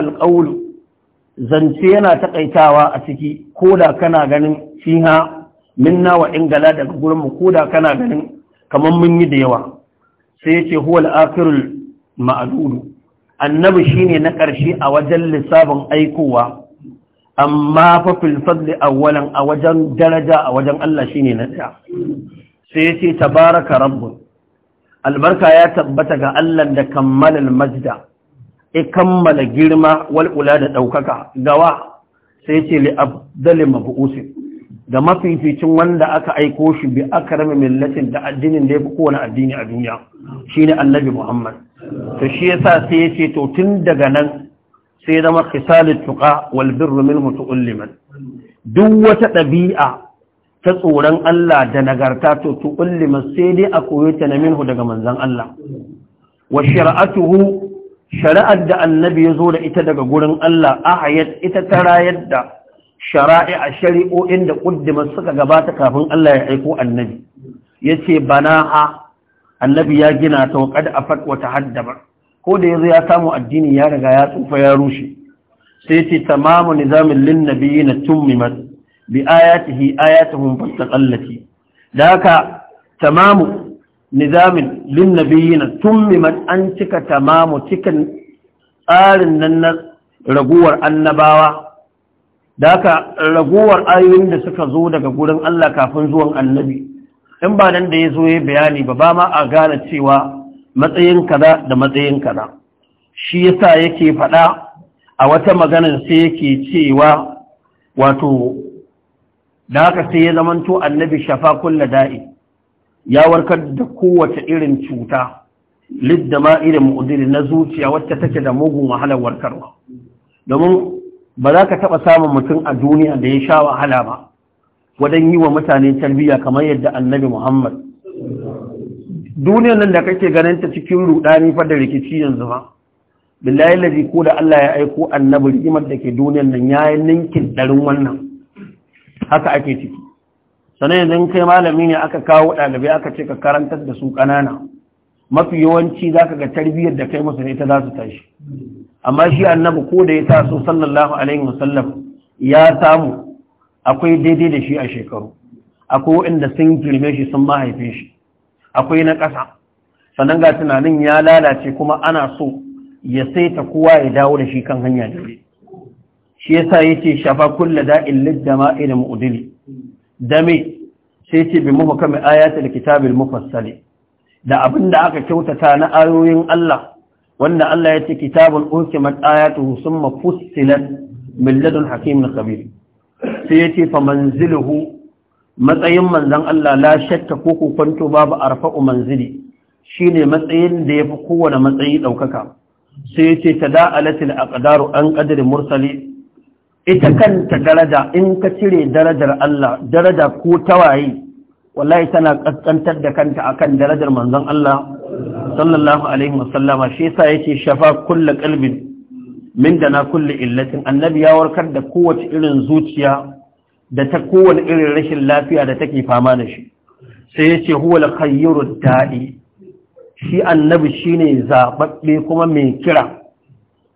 zance yana taƙaitawa a ciki ko da kana ganin fiha minna wa ingala daga gurinmu ko da kana ganin kamar mun yi da yawa sai ya ce huwal akirul ma'adudu annabi shine na ƙarshe a wajen lissafin aikowa amma fa fil awwalan a wajen daraja a wajen Allah shine na ɗaya sai ya ce tabaraka rabbun albarka ya tabbata ga Allah da kammalal majda ya kammala girma walƙula da ɗaukaka gawa sai ce li abdalin mafi'usin da mafificin wanda aka aiko shi bi aka rame millatin da addinin da ya fi kowane addini a duniya shi ne annabi muhammad Ta shi ya sa sai ya ce to tun daga nan sai ya zama kisalin tuƙa walbin rumin mutu ulliman duk wata ɗabi'a ta tsoron Allah da nagarta to ulliman sai dai a koyo ta na minhu daga manzan Allah wa shari'atuhu shari'ar da annabi ya zo da ita daga gurin Allah ahayat ita ta rayar da shari'a shari'o'in da ƙuddima suka gabata kafin Allah ya aiko annabi ya ce bana ha annabi ya gina ta waƙad a fatwa ta haddaba ko da zo ya samu addini ya riga ya tsufa ya rushe sai ce tamamu nizamin lin nabiyyi na tummimat bi ayatihi ayatuhum fastaqallati da haka tamamu nizamin lin nabiyina tummiman an cika tamamu cikin tsarin nan na raguwar annabawa da haka raguwar ayoyin da suka zo daga gurin Allah kafin zuwan annabi in ba nan da ya zo ya bayani ba ba ma a gane cewa matsayin kaza da matsayin kaza shi yasa yake faɗa a wata maganar sai yake cewa wato da haka sai ya zamanto annabi shafa kulla da'i ya warkar da kowace irin cuta lidda ma irin mu'udiri na zuciya wacce take da mugun wahalar warkarwa domin ba za ka taɓa samun mutum a duniya da ya sha wahala ba wajen yi wa mutane tarbiyya kamar yadda annabi muhammad duniyar nan da kake ganin ta cikin rudani fa da rikici yanzu ba billahi lazi ko da Allah ya aiko annabi rigimar da ke duniyar nan yayin ninkin ɗarin wannan haka ake ciki sannan yanzu in kai malami ne aka kawo ɗalibai aka ce ka karantar da su ƙanana mafi yawanci za ka ga tarbiyyar da kai musu ne ta za su tashi amma shi annabi ko da ya taso sallallahu alaihi wasallam ya samu akwai daidai da shi a shekaru akwai waɗanda sun girme shi sun mahaife shi akwai na ƙasa sannan ga tunanin ya lalace kuma ana so ya saita kowa ya dawo da shi kan hanya dare shi yasa yace shafa kullu da'in lidda da mu'dili Dame sai ce bi muhkami ayatul kitabil mufassali da abinda aka kyautata na ayoyin Allah wanda Allah ya ce kitabul ukimat ayatuhu summa fussilat min ladun hakimin khabir sai ya ce fa manziluhu matsayin manzon Allah la shakka ko kwanto babu arfa'u manzili shine matsayin da yafi kowane matsayi daukaka sai ya ce tada'alatil aqdaru an qadari mursali ita kanta daraja in ka cire darajar Allah daraja ko tawaye wallahi tana kaskantar da kanta akan darajar manzon Allah sallallahu alaihi wasallama shi yasa yake shafa kullu qalbin min dana kullu illatin annabi ya warkar da kowace irin zuciya da ta kowane irin rashin lafiya da take fama da shi sai yace huwa al-khayru da'i shi annabi shine zababbe kuma mai kira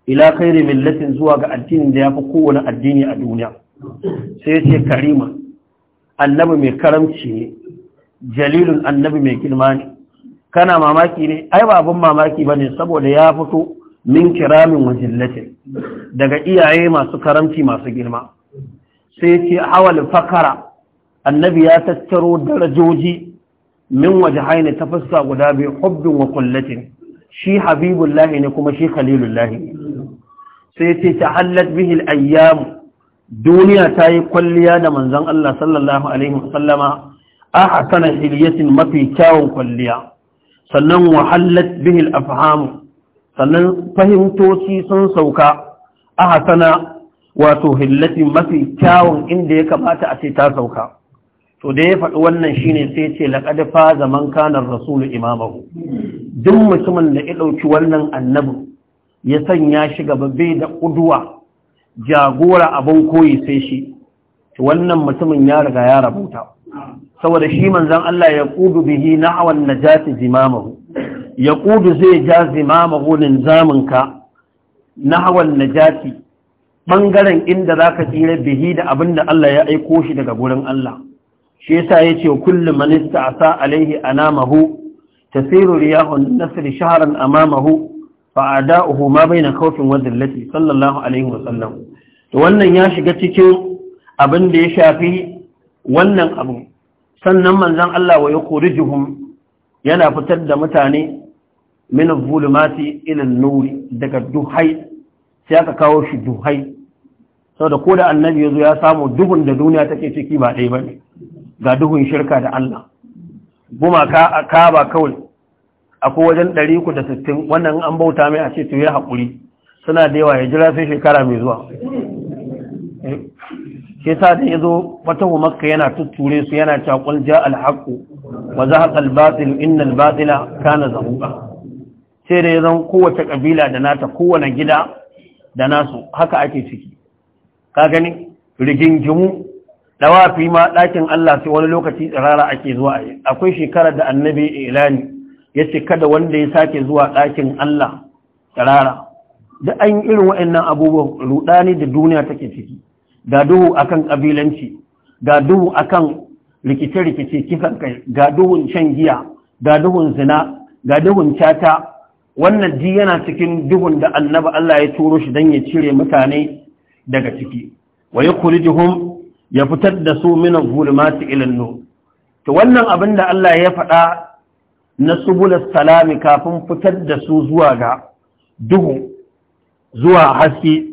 ila khairi millatin zuwa ga addinin da yafi kowane addini a duniya sai ce karima annabi mai karamci ne jalilun annabi mai girma ne kana mamaki ne ai ba abin mamaki ba ne saboda ya fito min kiramin wajillatin daga iyaye masu karamci masu girma sai ce awal fakara annabi ya tattaro darajoji min waje haini ta fuska guda biyu hubbin wa kullatin shi habibullahi ne kuma shi khalilullahi ne sai ce ta hallat bihil ayyam duniya ta yi kwalliya da manzon Allah sallallahu alaihi wasallama a hasana mafi kyawun kwalliya sannan wa hallat bihil afhamu sannan fahimtoci sun sauka a hasana wato hillatin mafi kyawun inda ya kamata a ce ta sauka to da ya faɗi wannan shine sai ce laqad faza man rasulu imamahu duk mutumin da ya ɗauki wannan annabin ya sanya shi gaba bai da ƙuduwa jagora abin koyi sai shi wannan mutumin ya riga ya rabuta saboda shi manzon Allah ya kudu bihi na'wan najati zimamahu ya zai ja zimamahu linzamin ka na'wan najati ɓangaren inda zaka tsira bihi da abin da Allah ya aiko shi daga gurin Allah shi yasa yace kullu a sa alaihi anamahu tasiru riyahun nasr shahran amamahu fa ada'uhu ma baina khawfin wa dhillati sallallahu alaihi wa sallam wannan ya shiga cikin abin da ya shafi wannan abu sannan manzon Allah wa ya yukhrijuhum yana fitar da mutane min zulumati ila nuri daga duhai sai aka kawo shi duhai saboda ko da annabi yazo ya samu duhun da duniya take ciki ba ɗaya bane ga duhun shirka da Allah gumaka a kaba kawai akwai wajen ɗari ku da sittin wannan an bauta mai a ce to ya haƙuri suna da yawa ya jira sai shekara mai zuwa ke eh, sa da ya zo wata makka yana tutture su yana cakon ja alhaƙu wa za haƙa albatil inna albatila kana zahuka sai da ya zan kowace ƙabila da nata kowane gida da nasu haka ake ciki ka gani rigingimu dawafi ma ɗakin Allah sai wani lokaci tsirara ake zuwa a akwai shekarar da annabi ilani ya ce kada wanda ya sake zuwa ɗakin Allah rara. da an irin waɗannan abubuwan rudani da duniya take ciki ga duhu akan ƙabilanci ga duhu akan rikice-rikice kisan kai ga duhun shan giya ga duhun zina ga duhun cata wannan ji yana cikin duhun da annaba Allah ya turo shi don ya cire mutane daga ciki wa yukhrijuhum ya fitar da su min zulumati ila nur to wannan abin da Allah ya faɗa na subulas salami kafin fitar da su zuwa ga duhu zuwa haske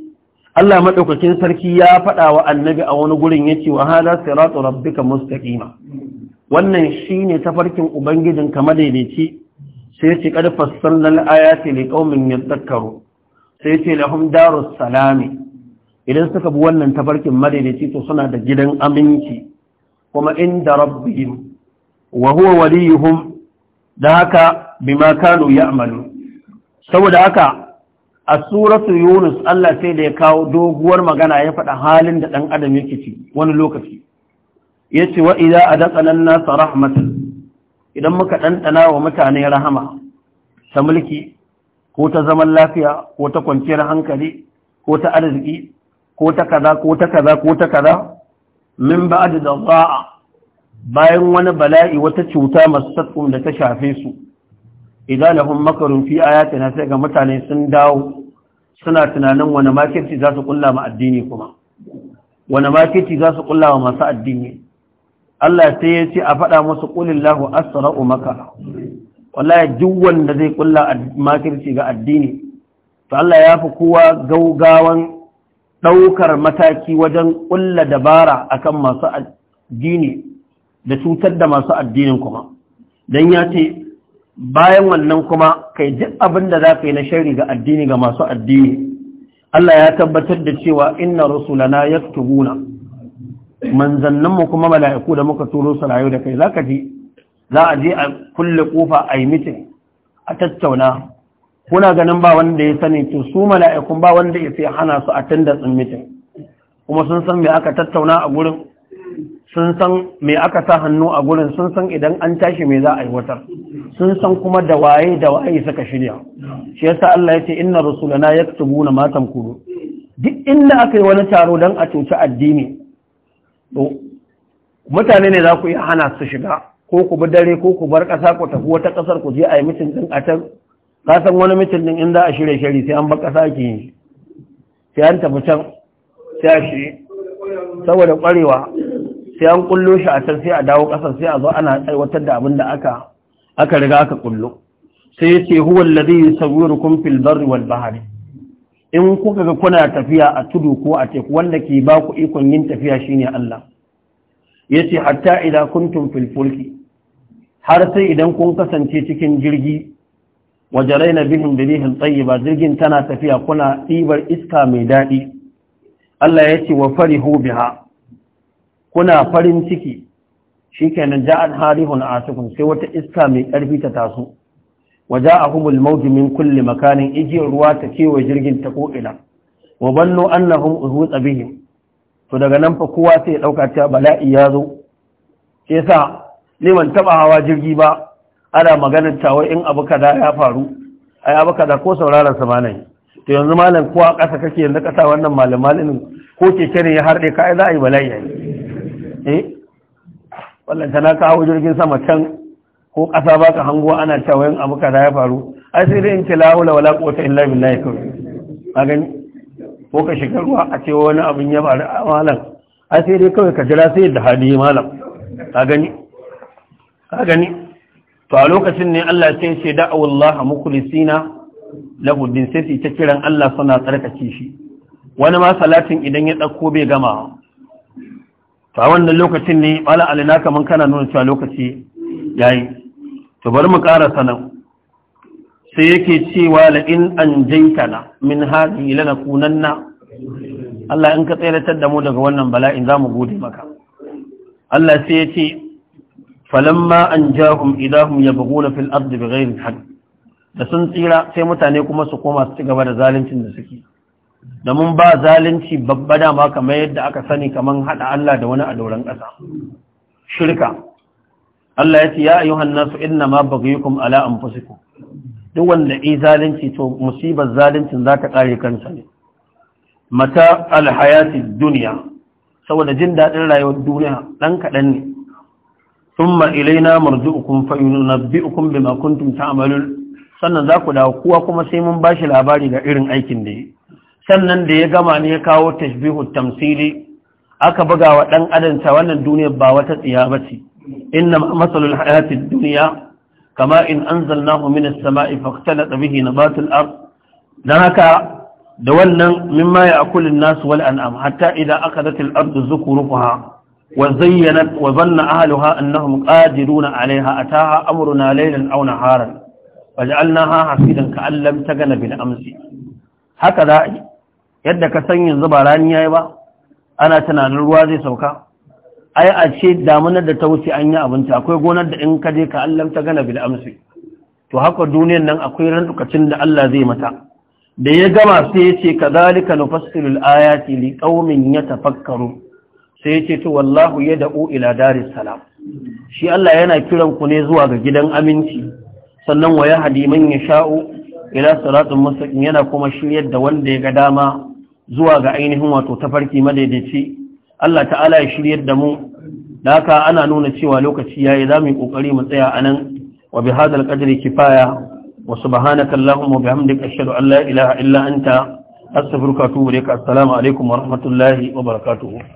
Allah maɗaukakin sarki ya faɗa wa annabi a wani gurin ya ce wa hada siratu rabbika mustaqima wannan shine tafarkin ubangijin kamar daidaici sai ce kad fassalna al-ayati liqaumin yadhakkaru sai ce lahum darus salami idan suka bi wannan tafarkin madaidaici to suna da gidan aminci kuma inda rabbihim wa huwa waliyuhum Da haka bima kanu ya amalu saboda haka a suratu yunus Allah sai da ya kawo doguwar magana ya faɗa halin da ɗan adam yake ci wani lokaci ya ce wa idan a datsanan nasa rahmatin idan muka ɗanɗana wa mutane rahama ta mulki ko ta zaman lafiya ko ta kwanciyar hankali ko ta arziki ko ta kaza ko ta kaza ko ta kaza min ba da za'a bayan wani bala'i wata cuta masu da ta shafe su idan lahum makarun fi na sai ga mutane sun dawo suna tunanin wani makirci za su kulla ma addini kuma wani makirci za su kulla wa masu addini Allah sai ya ce a faɗa masu 'Lahu qulillahu asra'u maka wallahi duk wanda zai kulla makirci ga addini to Allah ya fi kowa gaugawan ɗaukar mataki wajen ƙulla dabara akan masu addini da cutar da masu addinin kuma don ya ce bayan wannan kuma kai duk abin da za ka yi na shari ga addini ga masu addini Allah ya tabbatar da cewa inna rusulana guna. manzanninmu kuma mala'iku da muka turo su rayu da kai za ka ji za a je a kulle kofa a yi mitin a tattauna kuna ganin ba wanda ya sani to su mala'ikun ba wanda ya sai hana su a tanda tsin mitin kuma sun san me aka tattauna a gurin sun san me aka sa hannu a gurin sun san idan an tashi mai za a aiwatar sun san kuma da waye da waye suka shirya shi yasa Allah ya ce inna rasulana yaktubuna ma tamkuru duk inda aka yi wani taro dan a cuci addini to mutane ne za ku iya hana su shiga ko ku bi dare ko ku bar ƙasa ku tafi wata ƙasar ku je a yi mitin din a can ka san wani mitin din inda a shirye shiri sai an bar ƙasa ki yi sai an tafi can sai shi saboda ƙwarewa sai an kullo shi a can sai a dawo ƙasar sai a zo ana aiwatar da abin da aka aka riga aka kullo sai ya ce huwa yi yusawwirukum fil barri wal bahari. in kuka ga kuna tafiya a tudu ko a teku wanda ke ba ku ikon yin tafiya shine Allah yace hatta idan kun fil fulki har sai idan kun kasance cikin jirgi bihin da bihin tsayi, ba jirgin tana tafiya kuna ɗibar iska mai daɗi Allah ya ce wa farihu biha kuna farin ciki Shi shikenan ja'al harihun Asukun, sai wata iska mai ƙarfi ta taso waja'ahumul mawj min kulle makanin igiyar ruwa ta kewa jirgin ta ko'ina wa na hun uhu tsabihin to daga nan fa kowa sai ya ɗauka ta bala'i ya zo sai yasa neman taɓa hawa jirgi ba ana maganar cewa in abu kaza ya faru ai abu kaza ko sauraron sa to yanzu malam kowa ƙasa kake yanzu kasa wannan malam malamin ko keke ne ya harɗe ka ai za a yi bala'i yi eh wallan tana na kawo jirgin sama can ko ƙasa ba ka hango ana cewa abu kaza ya faru ai sai dai in ce lahula wala quwwata illa billahi kawai ka gani ko ka shiga ruwa a ce wani abin ya faru a malam ai sai dai kawai ka jira sai da hali malam ka gani ka gani to a lokacin ne Allah ce ce da'u mukhlisina lahu sai ta kiran Allah suna tsarkake shi wani ma salatin idan ya ɗauko bai gama to a wannan lokacin ne bala alina kaman kana nuna cewa lokaci yayi to bari mu ƙara sanan sai yake cewa la in anjaytana min hadhihi kunanna. Allah in ka tsayar da mu daga wannan bala'in zamu gode maka Allah sai ya ce falamma anjahum idahum yabghuna fil ardi bighayri haqq da sun tsira sai mutane kuma su koma su ci gaba da zaluncin da suke da mun ba zalunci babba dama kamar yadda aka sani kamar haɗa Allah da wani a doron ƙasa shirka Allah ya ce ya ayyuhan nasu inna ma baghayukum ala anfusikum duk wanda yi zalunci to musibar zaluncin ta kare kansa ne mata alhayati duniya saboda jin daɗin rayuwar duniya ɗan kaɗan ne thumma ilaina marji'ukum fa yunabbi'ukum bima kuntum ta'malun sannan za ku dawo kowa kuma sai mun bashi labari ga irin aikin da yi sannan da ya gama ne ya kawo tashbihu tamsili aka buga wa ɗan adanta wannan duniyar ba wata tsiya ba ce inna masalul hayatid duniya kama in anzalnahu minas sama'i faqtalata bihi nabatul ard dan haka da wannan mimma ya'kulun nas wal an'am hatta idan akadatil ard zukuruha وزينت وظن أهلها أنهم قادرون عليها أتاها أمرنا ليلا أو نهارا وجعلناها حفيدا كأن لم تغن Haka هكذا yadda ka san yanzu ba rani yayi ba ana tunanin ruwa zai sauka ai a ce damunar da ta wuce an yi abinci akwai gonar da in ka je ka Allah ta gana bil amsi to haka duniyar nan akwai ran rantukacin da Allah zai mata da ya gama sai ya ce kadhalika nufassilu al-ayati liqaumin yatafakkaru sai ya ce to wallahu yad'u ila daris salam shi Allah yana kiran ku ne zuwa ga gidan aminci sannan wa hadi man yasha'u ila siratin mustaqim yana kuma shiryar da wanda ya ga dama zuwa ga ainihin wato tafarki madaidaici Allah ta'ala ya shiryar da mu da haka ana nuna cewa lokaci yayi mu yi ƙoƙari mu tsaya anan wa bi hadal qadri kifaya wa subhanaka allahumma wa bihamdika ashhadu an la ilaha illa anta astaghfiruka wa atubu ilaik assalamu alaikum wa rahmatullahi wa barakatuh